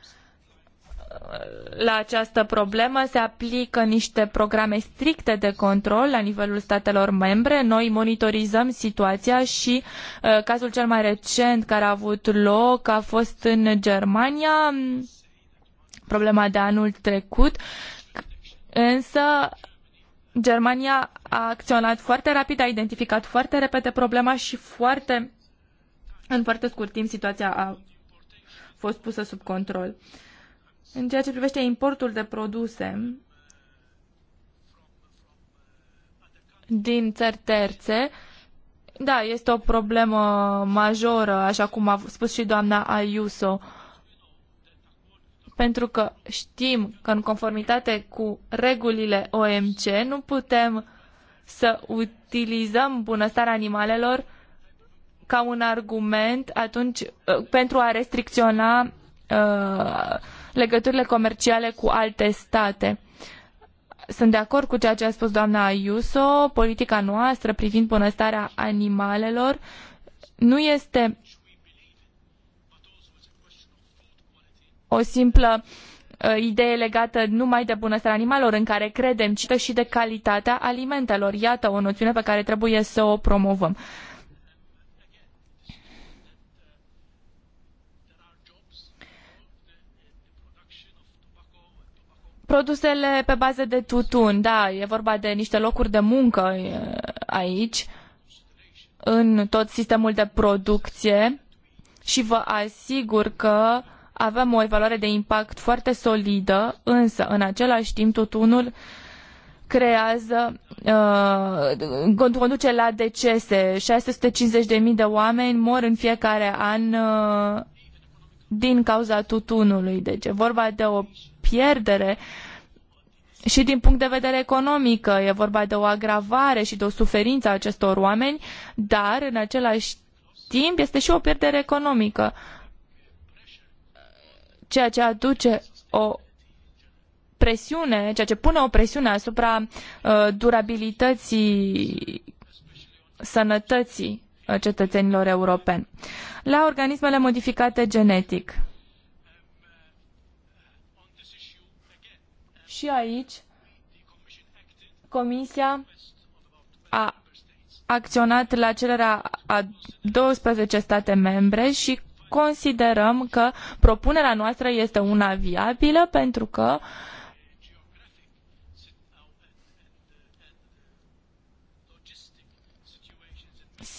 Speaker 2: la această problemă se aplică niște programe stricte de control la nivelul statelor membre. Noi monitorizăm situația și uh, cazul cel mai recent care a avut loc a fost în Germania, problema de anul trecut, însă Germania a acționat foarte rapid, a identificat foarte repede problema și foarte, în foarte scurt timp situația a fost pusă sub control. Uh, în ceea ce privește importul de produse din țări terțe, da, este o problemă majoră, așa cum a spus și doamna Ayuso, pentru că știm că în conformitate cu regulile OMC nu putem să utilizăm bunăstarea animalelor ca un argument atunci uh, pentru a restricționa uh, legăturile comerciale cu alte state. Sunt de acord cu ceea ce a spus doamna Ayuso, politica noastră privind bunăstarea animalelor nu este o simplă uh, idee legată numai de bunăstarea animalelor în care credem, ci și de calitatea alimentelor. Iată o noțiune pe care trebuie să o promovăm. produsele pe bază de tutun, da, e vorba de niște locuri de muncă aici, în tot sistemul de producție și vă asigur că avem o evaluare de impact foarte solidă, însă, în același timp, tutunul creează, uh, conduce la decese. 650.000 de oameni mor în fiecare an uh, din cauza tutunului. Deci e vorba de o pierdere și din punct de vedere economic, e vorba de o agravare și de o suferință a acestor oameni, dar în același timp este și o pierdere economică, ceea ce aduce o presiune, ceea ce pune o presiune asupra uh, durabilității sănătății cetățenilor europeni. La organismele modificate genetic. Și aici Comisia a acționat la cererea a 12 state membre și considerăm că propunerea noastră este una viabilă pentru că uh,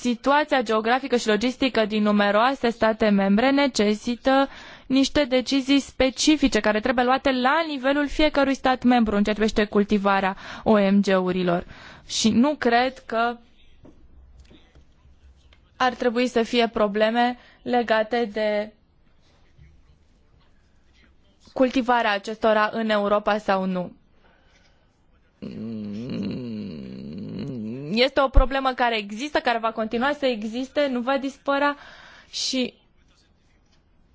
Speaker 2: situația geografică și logistică din numeroase state membre necesită niște decizii specifice care trebuie luate la nivelul fiecărui stat membru în ceea ce privește cultivarea OMG-urilor. Și nu cred că ar trebui să fie probleme legate de cultivarea acestora în Europa sau nu este o problemă care există, care va continua să existe, nu va dispărea și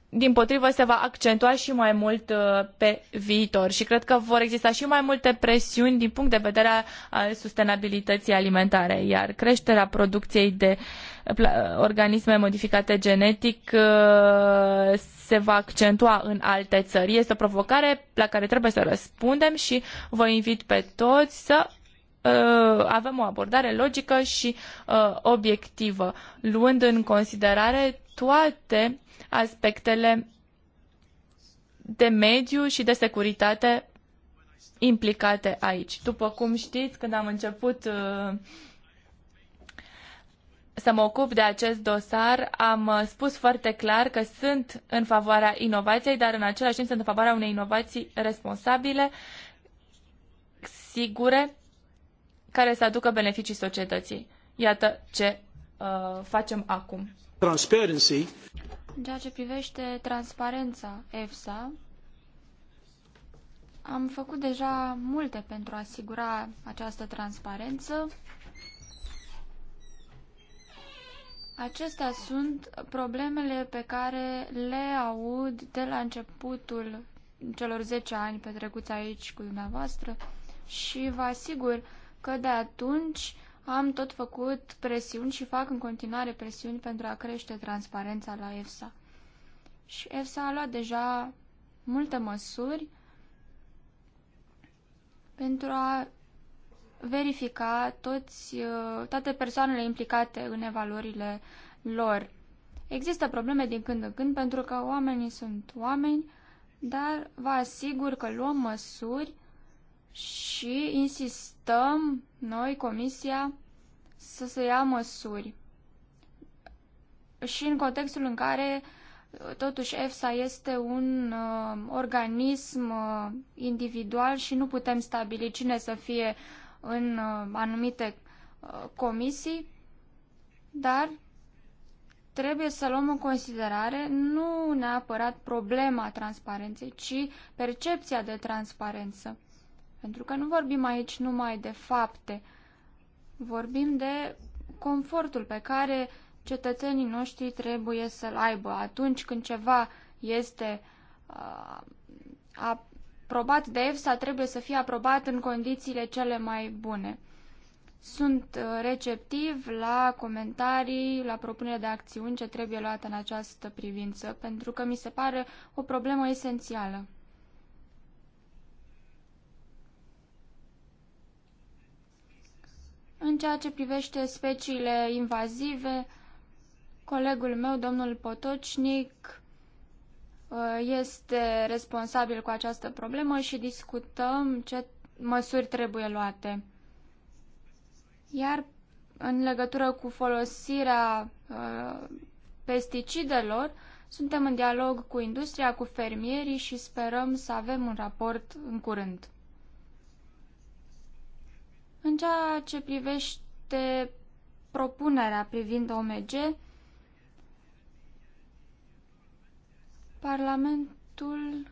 Speaker 2: din potrivă se va accentua și mai mult uh, pe viitor și cred că vor exista și mai multe presiuni din punct de vedere al sustenabilității alimentare, iar creșterea producției de uh, uh, organisme modificate genetic se va accentua în alte țări. Este o provocare la care trebuie să răspundem și vă invit pe toți să Uh, avem o abordare logică și uh, obiectivă, luând în considerare toate aspectele de mediu și de securitate implicate aici. După cum știți, când am început uh, să mă ocup de acest dosar, am spus foarte clar că sunt în favoarea inovației, dar în același timp sunt în favoarea unei inovații responsabile, sigure care să aducă beneficii societății. Iată ce uh, facem acum.
Speaker 3: Transparency. În ceea ce privește transparența EFSA, am făcut deja multe pentru a asigura această transparență. Acestea sunt problemele pe care le aud de la începutul celor 10 ani petrecuți aici cu dumneavoastră și vă asigur că de atunci am tot făcut presiuni și fac în continuare presiuni pentru a crește transparența la EFSA. Și EFSA a luat deja multe măsuri pentru a verifica toți, uh, toate persoanele implicate în evaluările lor. Există probleme din când în când pentru că oamenii sunt oameni, dar vă asigur că luăm măsuri și insistăm noi, Comisia, să se ia măsuri. Și în contextul în care totuși EFSA este un uh, organism uh, individual și nu putem stabili cine să fie în uh, anumite uh, comisii, dar trebuie să luăm în considerare nu neapărat problema transparenței, ci percepția de transparență. Pentru că nu vorbim aici numai de fapte, vorbim de confortul pe care cetățenii noștri trebuie să-l aibă atunci când ceva este uh, aprobat de EFSA, trebuie să fie aprobat în condițiile cele mai bune. Sunt uh, receptiv la comentarii, la propunerea de acțiuni ce trebuie luată în această privință, pentru că mi se pare o problemă esențială. În ceea ce privește speciile invazive, colegul meu, domnul Potocnic, uh, este responsabil cu această problemă și discutăm ce măsuri trebuie luate. Iar în legătură cu folosirea uh, pesticidelor, suntem în dialog cu industria, cu fermierii și sperăm să avem un raport în curând. În ceea ce privește propunerea privind OMG, Parlamentul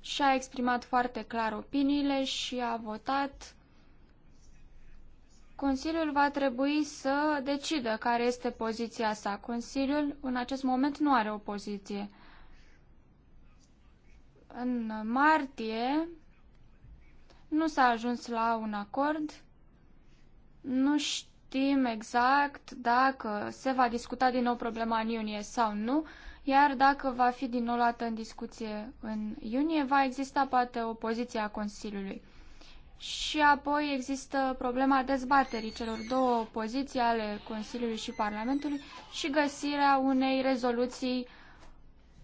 Speaker 3: și-a exprimat foarte clar opiniile și a votat. Consiliul va trebui să decidă care este poziția sa. Consiliul în acest moment nu are o poziție. În martie, nu s-a ajuns la un acord. Nu știm exact dacă se va discuta din nou problema în iunie sau nu, iar dacă va fi din nou luată în discuție în iunie, va exista poate o poziție a Consiliului. Și apoi există problema dezbaterii celor două poziții ale Consiliului și Parlamentului și găsirea unei rezoluții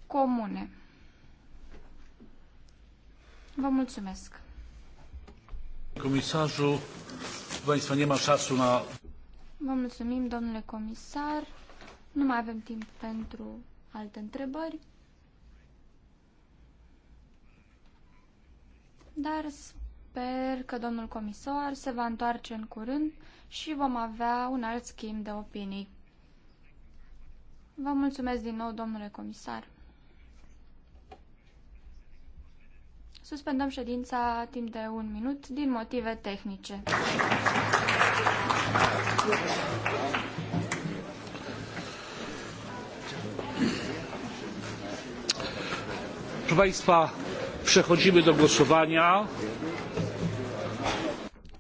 Speaker 3: comune. Vă mulțumesc!
Speaker 1: Comisarul, Państwa, nie ma czasu na...
Speaker 3: Vă mulțumim, domnule comisar. Nu mai avem timp pentru alte întrebări. Dar sper că domnul comisar se va întoarce în curând și vom avea un alt schimb de opinii. Vă mulțumesc din nou, domnule comisar. Suspendăm ședința timp de un minut din motive tehnice.
Speaker 1: Proszę Państwa, przechodzimy do głosowania.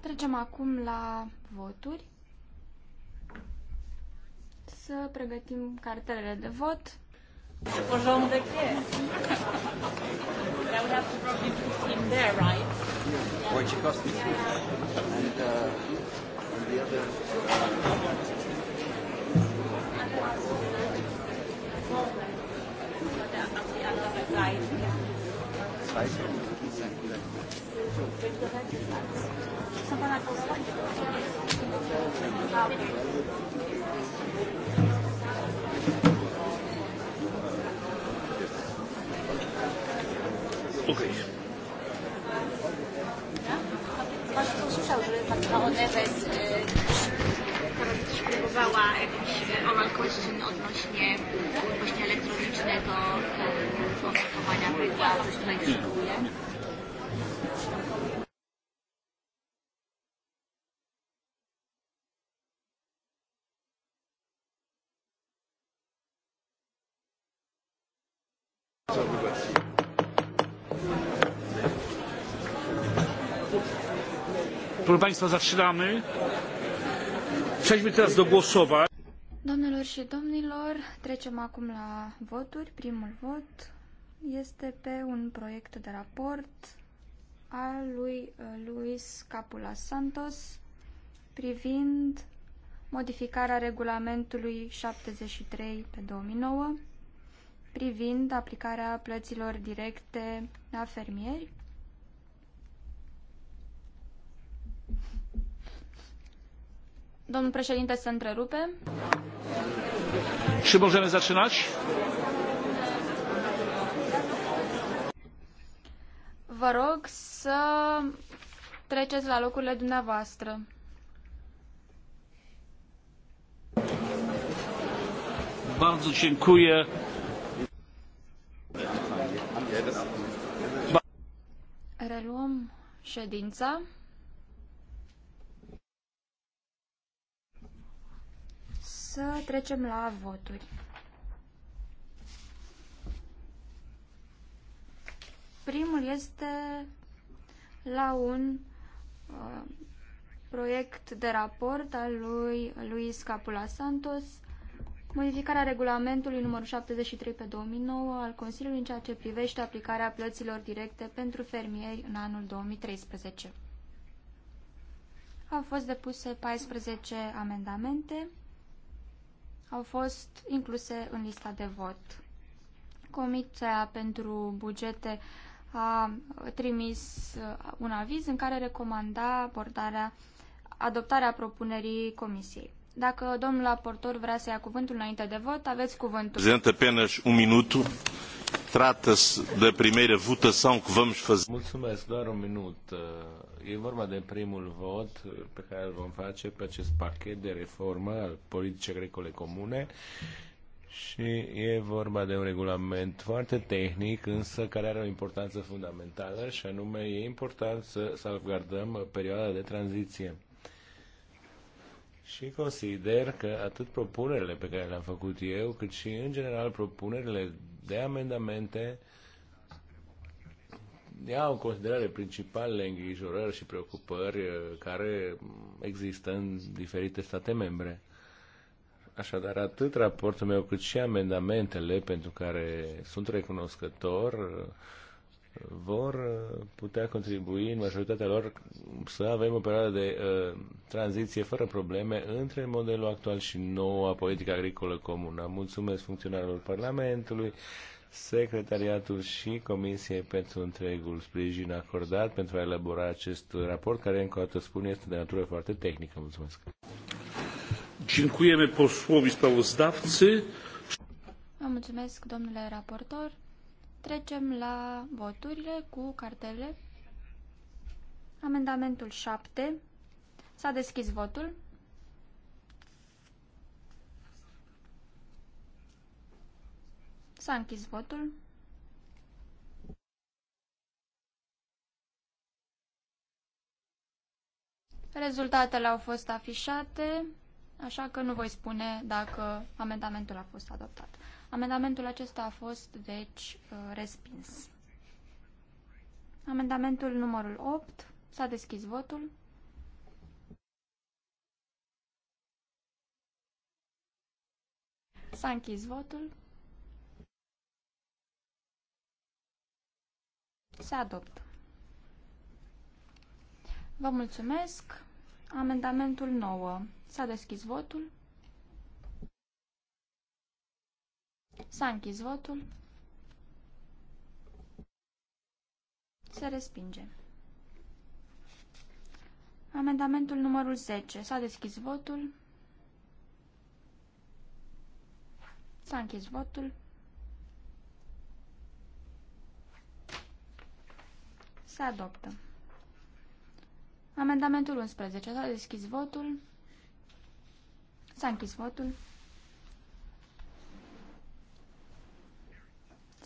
Speaker 3: Trecem acum la voturi. Să pregătim cartelele de vot porządek jest.
Speaker 2: Now we have to probably put him there, right?
Speaker 3: Yeah. Wojciechowski and, uh, and the other.
Speaker 1: Thank uh, you.
Speaker 3: Okay. Pan słyszał, że Patrona Neves teraz też próbowała jakiś oral question odnośnie właśnie elektronicznego konsultowania prawa, coś tutaj hmm. szykuje.
Speaker 1: Proszę Państwa, zaczynamy. Przejdźmy teraz do głosowań.
Speaker 3: Domnilor și domnilor, trecem acum la voturi. Primul vot este pe un proiect de raport al lui uh, Luis Capula Santos privind modificarea regulamentului 73 pe 2009 privind aplicarea plăților directe la fermieri Domnul președinte se întrerupe.
Speaker 1: Și vom zaczynać?
Speaker 3: Vă rog să treceți la locurile dumneavoastră.
Speaker 1: Bardzo dziękuję.
Speaker 3: Reluăm ședința. să trecem la voturi. Primul este la un uh, proiect de raport al lui Luis Capula Santos, modificarea regulamentului numărul 73 pe 2009 al Consiliului în ceea ce privește aplicarea plăților directe pentru fermieri în anul 2013. Au fost depuse 14 amendamente au fost incluse în lista de vot. Comisia pentru bugete a trimis uh, un aviz în care recomanda abordarea, adoptarea propunerii Comisiei. Dacă domnul raportor vrea să ia cuvântul înainte de vot, aveți cuvântul.
Speaker 1: Prezentă, apenas un um minut Trata-se da primeira votação que vamos fazer. Mulțumesc, doar un minut. Uh, e vorba de primul vot pe care îl vom face pe acest pachet de reformă al politicii agricole comune și e vorba de un regulament foarte tehnic, însă care are o importanță fundamentală și anume e important să salvgardăm perioada de tranziție. Și consider că atât propunerile pe care le-am făcut eu, cât și în general propunerile de amendamente iau în considerare principalele îngrijorări și preocupări uh, care există în diferite state membre. Așadar, atât raportul meu cât și amendamentele pentru care sunt recunoscător uh, vor uh, putea contribui în majoritatea lor să avem o perioadă de uh, tranziție fără probleme între modelul actual și noua politică agricolă comună. Mulțumesc funcționarilor Parlamentului, Secretariatul și Comisiei pentru întregul sprijin acordat pentru a elabora acest raport, care, încă o dată spun, este de natură foarte tehnică. Mulțumesc! Dziękujemy posłowi sprawozdawcy.
Speaker 3: Mulțumesc, domnule raportor. Trecem la voturile cu cartele. Amendamentul 7. S-a deschis votul. S-a închis votul. Rezultatele au fost afișate, așa că nu voi spune dacă amendamentul a fost adoptat. Amendamentul acesta a fost, deci, uh, respins. Amendamentul numărul 8. S-a deschis votul. S-a închis votul. Se adoptă. Vă mulțumesc. Amendamentul 9. S-a deschis votul. S-a închis votul. Se respinge. Amendamentul numărul 10. S-a deschis votul. S-a închis votul. Se adoptă. Amendamentul 11. S-a deschis votul. S-a închis votul.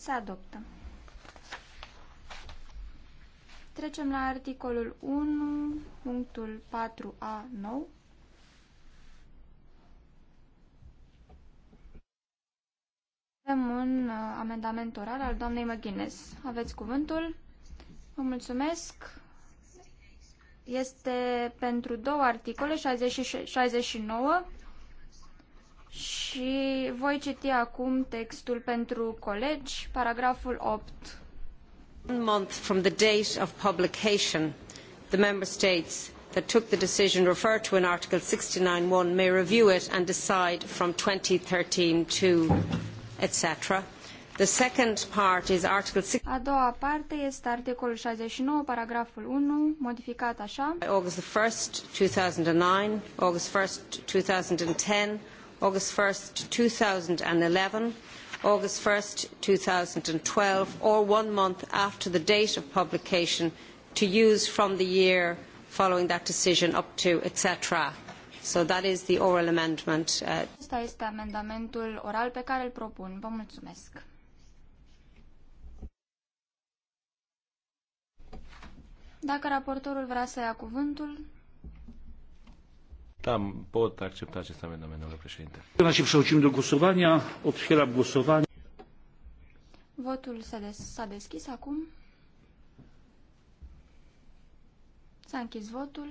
Speaker 3: Se adoptă. Trecem la articolul 1, punctul 4a, nou. Avem un uh, amendament oral al doamnei McGuinness. Aveți cuvântul. Vă mulțumesc. Este pentru două articole, 60 69. Și voi citi acum textul pentru colegi, paragraful 8. One month from the date of publication, the member states that took the decision referred to in Article 69.1 may review it and decide from 2013 to etc. The second part is Article 6. A doua parte este articolul 69, paragraful 1, modificat așa. August 1st, 2009, August 1st, 2010, August 1st, 2011, August 1st, 2012, or one month after the date of publication to use from the year following that decision up to, etc. So that is the oral amendment. Uh, Acesta este amendamentul oral pe care îl propun. Vă mulțumesc. Dacă raportorul vrea să ia cuvântul,
Speaker 1: da, pot accepta acest amendament, domnule președinte. Până și przechodzimy do głosowania. Otwieram głosowanie.
Speaker 3: Votul s-a, des- deschis acum. S-a închis votul.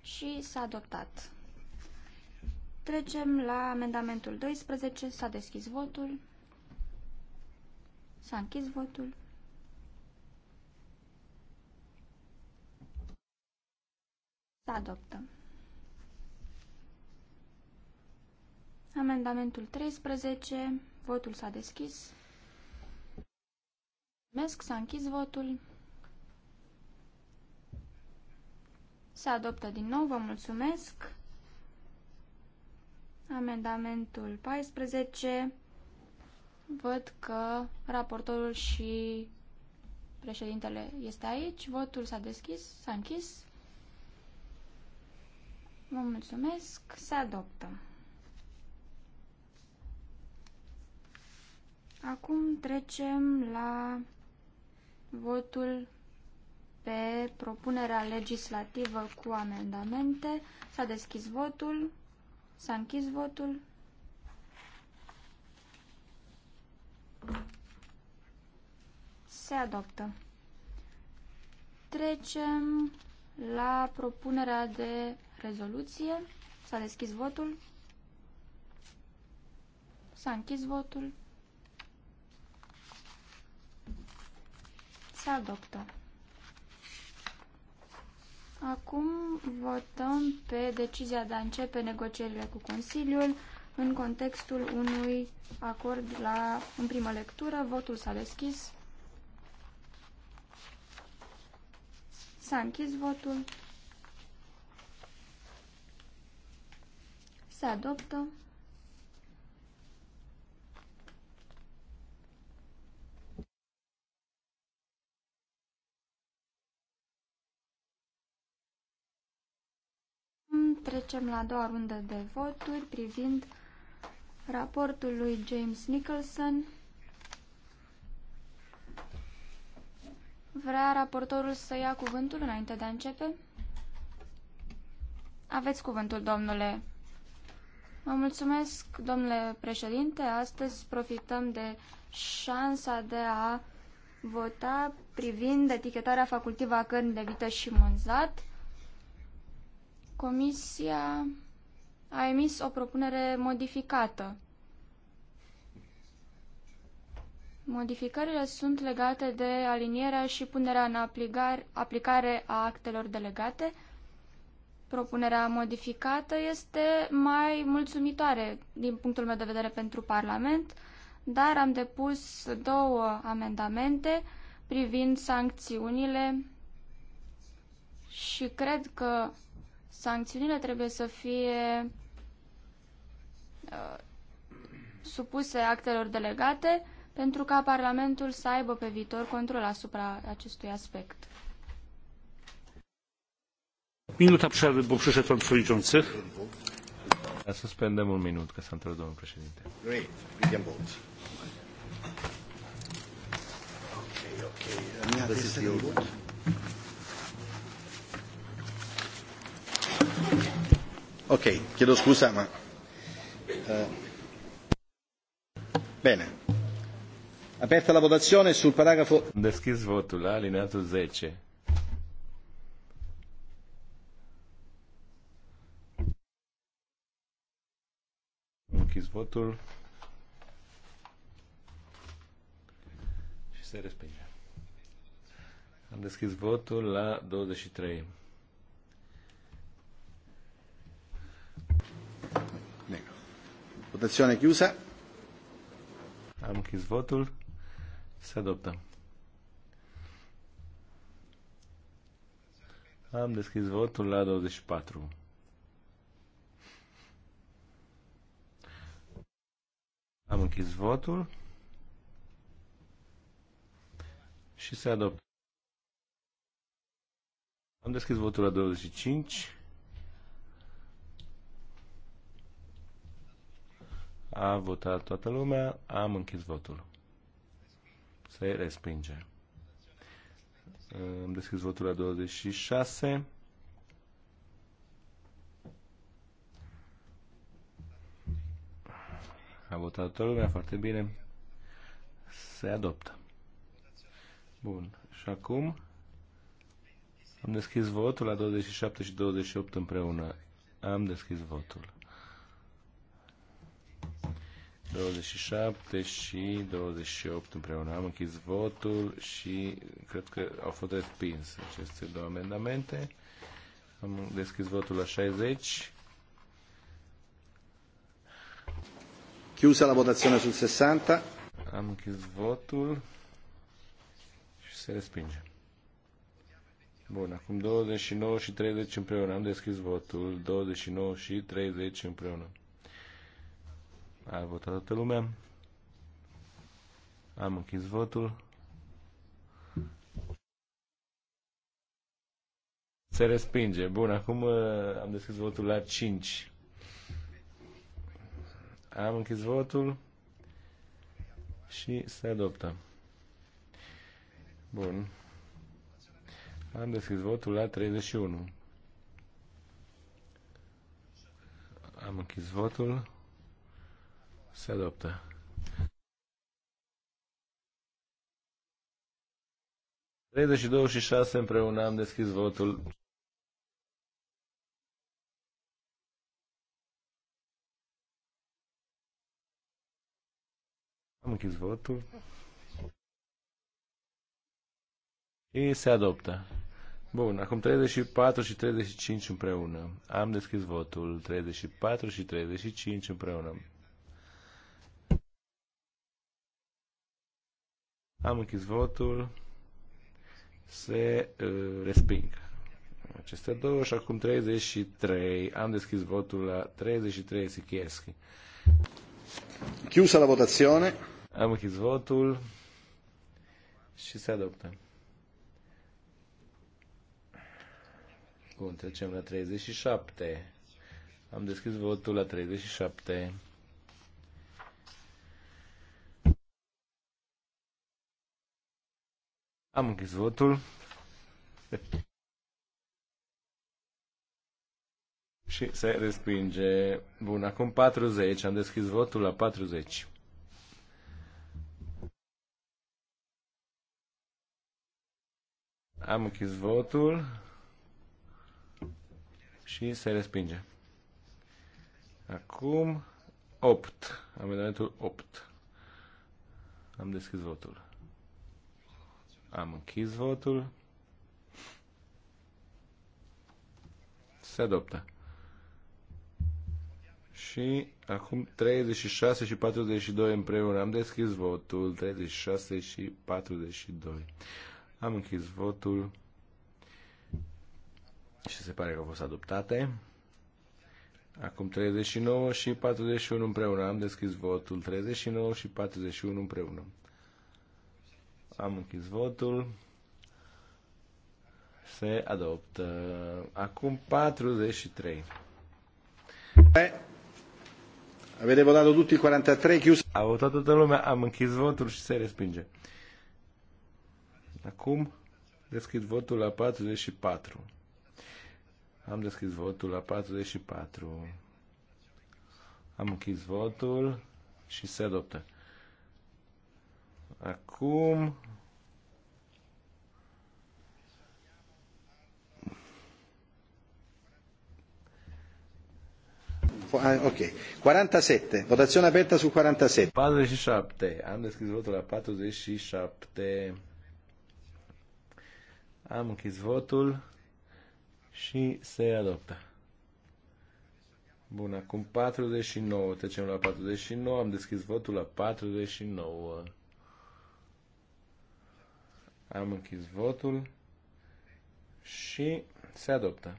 Speaker 3: Și s-a adoptat. Trecem la amendamentul 12. S-a deschis votul. S-a închis votul. adoptă. Amendamentul 13. Votul s-a deschis. Mesc, s-a închis votul. Se adoptă din nou, vă mulțumesc. Amendamentul 14. Văd că raportorul și președintele este aici. Votul s-a deschis, s-a închis. Vă mulțumesc. Se adoptă. Acum trecem la votul pe propunerea legislativă cu amendamente. S-a deschis votul. S-a închis votul. Se adoptă. Trecem la propunerea de rezoluție. S-a deschis votul. S-a închis votul. Se adoptă. Acum votăm pe decizia de a începe negocierile cu Consiliul în contextul unui acord la, în primă lectură. Votul s-a deschis. S-a închis votul. Se adoptă. Trecem la a doua rundă de voturi privind raportul lui James Nicholson. Vrea raportorul să ia cuvântul înainte de a începe? Aveți cuvântul, domnule Mă mulțumesc, domnule președinte. Astăzi profităm de șansa de a vota privind etichetarea facultivă a cărnii de vită și mânzat. Comisia a emis o propunere modificată. Modificările sunt legate de alinierea și punerea în aplicare a actelor delegate, propunerea modificată este mai mulțumitoare din punctul meu de vedere pentru Parlament, dar am depus două amendamente privind sancțiunile și cred că sancțiunile trebuie să fie uh, supuse actelor delegate pentru ca Parlamentul să aibă pe viitor control asupra acestui aspect.
Speaker 1: Minuta przerwy, bo przyszedł pan przewodniczący. Suspendăm un minut, că s-a întrebat domnul președinte. Great, we can vote. Okay, okay. Mia, this is the old one. Ok, chiedo scusa, ma... Eh, bene. Aperta la votazione sul paragrafo... Deschis votul la alineatul 10. închis votul. Și se respinge. Am deschis votul la 23. Votazione chiusa. Am închis votul. Se adoptă. Am deschis votul la 24. Am închis votul și se adoptă. Am deschis votul la 25. A votat toată lumea, am închis votul. Se respinge. Am deschis votul la 26. A votat toată lumea foarte bine. Se adoptă. Bun. Și acum am deschis votul la 27 și 28 împreună. Am deschis votul. 27 și 28 împreună. Am închis votul și cred că au fost respins. aceste două amendamente. Am deschis votul la 60 Chiusa la votazione sul 60. Am închis votul și se respinge. Bun, acum 29 și 30 împreună. Am deschis votul. 29 și 30 împreună. A votat toată lumea. Am închis votul. Se respinge. Bun, acum uh, am deschis votul la 5. Am închis votul și se adoptă. Bun. Am deschis votul la 31. Am închis votul. Se adoptă. Treizeci și 26 și împreună am deschis votul. Am închis votul. Și se adoptă. Bun, acum 34 și 35 împreună. Am deschis votul. 34 și 35 împreună. Am închis votul. Se uh, resping. Aceste două și acum 33. Am deschis votul la 33 Sichierski. Chiusa la votazione. Am închis votul și se adoptă. Bun, trecem la 37. Am deschis votul la 37. Am închis votul. și se respinge. Bun, acum 40. Am deschis votul la 40. Am închis votul și se respinge. Acum 8. Amendamentul 8. Am deschis votul. Am închis votul. Se adoptă. Și acum 36 și 42 împreună. Am deschis votul. 36 și 42. Am închis votul și se pare că au fost adoptate. Acum 39 și 41 împreună. Am deschis votul 39 și 41 împreună. Am închis votul. Se adoptă. Acum 43. avete votat tutti 43 chiusi. A votat toată lumea, am închis votul și se respinge. Acum deschid votul la 44. Am deschis votul la 44. Am închis votul și se adoptă. Acum ah, ok. 47. Votazione aperta su 47. 47. Am deschis votul la 47. Am închis votul și se adoptă. Bun, acum 49. Trecem la 49. Am deschis votul la 49. Am închis votul și se adoptă.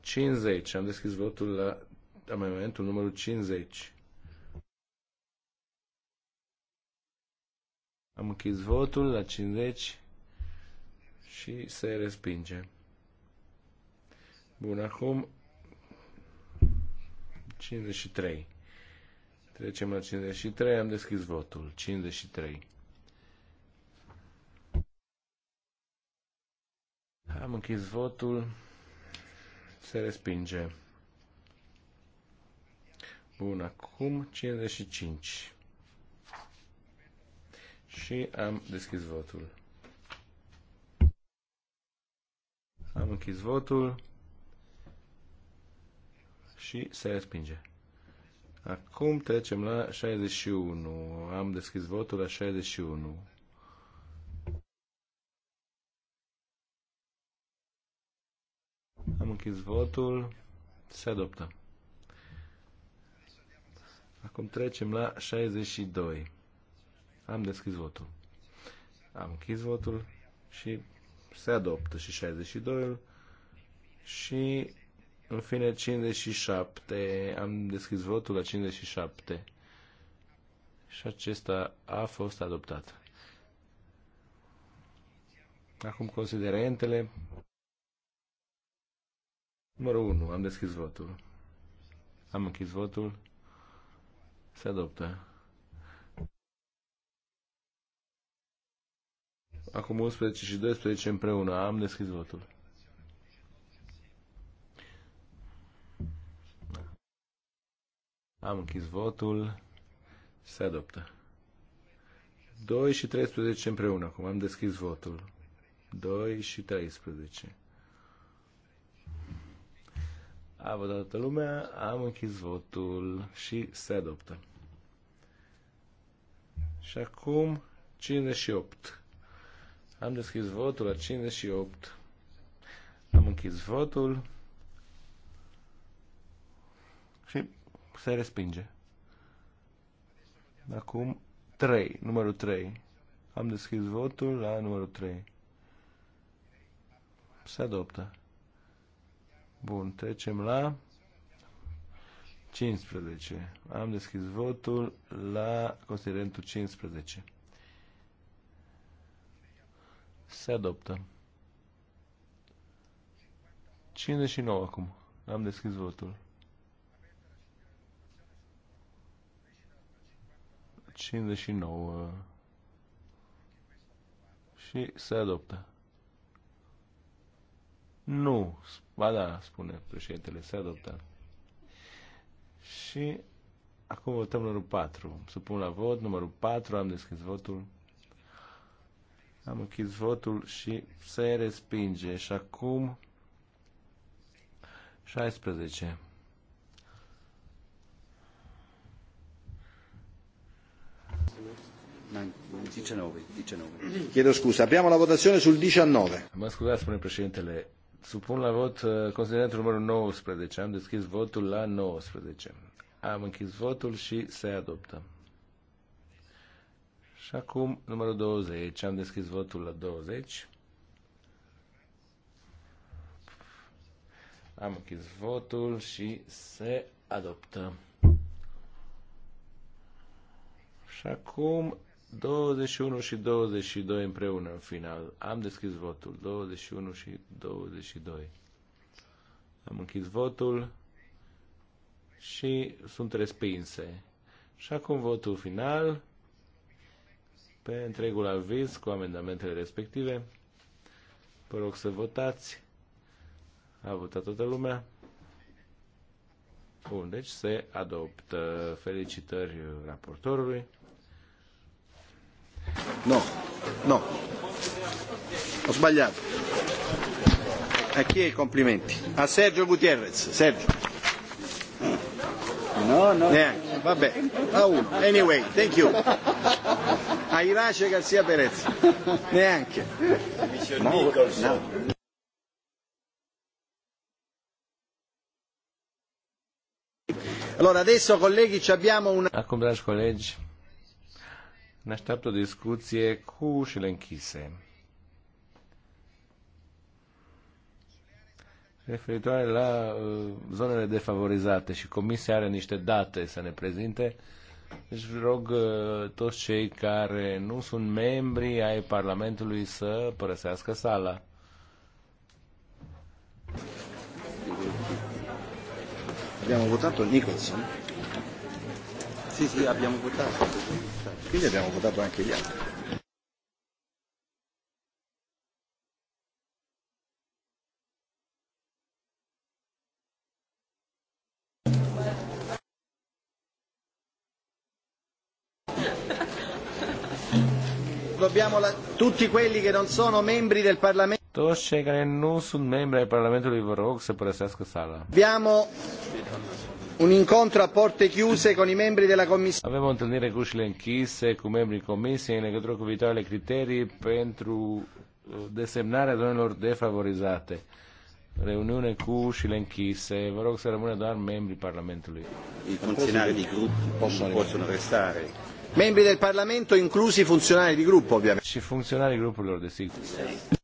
Speaker 1: Cincizeci. Am deschis votul la amendamentul numărul cinzeci. Am închis votul la 50 și se respinge. Bun, acum 53. Trecem la 53, am deschis votul. 53. Am închis votul. Se respinge. Bun, acum 55 și am deschis votul. Am închis votul și se respinge. Acum trecem la 61. Am deschis votul la 61. Am închis votul. Se adoptă. Acum trecem la 62. Am deschis votul. Am închis votul și se adoptă și 62 și în fine 57. Am deschis votul la 57 și acesta a fost adoptat. Acum considerentele. Numărul 1. Am deschis votul. Am închis votul. Se adoptă. Acum 11 și 12 împreună. Am deschis votul. Am închis votul. Se adoptă. 2 și 13 împreună. Acum am deschis votul. 2 și 13. A văzut toată lumea, am închis votul și se adoptă. Și acum 58. Am deschis votul la 58. Am închis votul. Și se respinge. Acum 3, numărul 3. Am deschis votul la numărul 3. Se adoptă. Bun, trecem la 15. Am deschis votul la considerentul 15. Se adoptă. 59 acum. Am deschis votul. 59 și se adoptă. Nu, ba da, spune președintele, se adoptă. Și acum votăm numărul 4. Supun la vot numărul 4, am deschis votul. Am închis votul și se respinge. Și acum 16. Chiedo scusa, abbiamo la votazione sul 19. Ma scuzați, spune le. supun la vot uh, il numărul 19. Am deschis votul la 19. Am închis votul și se adoptă. Și acum numărul 20. Am deschis votul la 20. Am închis votul și se adoptă. Și acum 21 și 22 împreună în final. Am deschis votul. 21 și 22. Am închis votul și sunt respinse. Și acum votul final pe întregul aviz cu amendamentele respective. Vă rog să votați. A votat toată lumea. Bun, deci se adoptă. Felicitări raportorului. No, no. Ho sbagliato. A chi i complimenti? A Sergio Gutierrez. Sergio. No, no. Neanche. Vabbè, a uno. Anyway, thank you
Speaker 2: ma Irace Garzia Perez, [LAUGHS] neanche.
Speaker 1: Allora adesso colleghi ci abbiamo una... Acum, dragi colegi, ne așteaptă o discuție cu ușile închise. Referitoare la uh, zonele defavorizate și Comisia are niște date să ne prezinte. Deci rog uh, toți cei care nu sunt membri ai Parlamentului să părăsească sala. Abbiamo votato Nicholson? Sì, sì, abbiamo votato. Quindi abbiamo votato anche gli altri. abbiamo la... tutti quelli che non sono membri del Parlamento. Toți cei care nu sunt membri ai Parlamentului, vă rog să părăsească sala. Abbiamo un incontro a porte chiuse con i membri della Commissione. Avem o întâlnire cu ușile închise cu membrii Comisiei în legătură cu viitoarele criterii pentru uh, desemnarea zonelor defavorizate. Reuniune cu ușile închise. Vă rog să rămână doar membrii Parlamentului. I funcționari di gruppo possono restare. Membri del Parlamento, inclusi funzionari di gruppo, ovviamente. Și funcționarii grupurilor, desigur.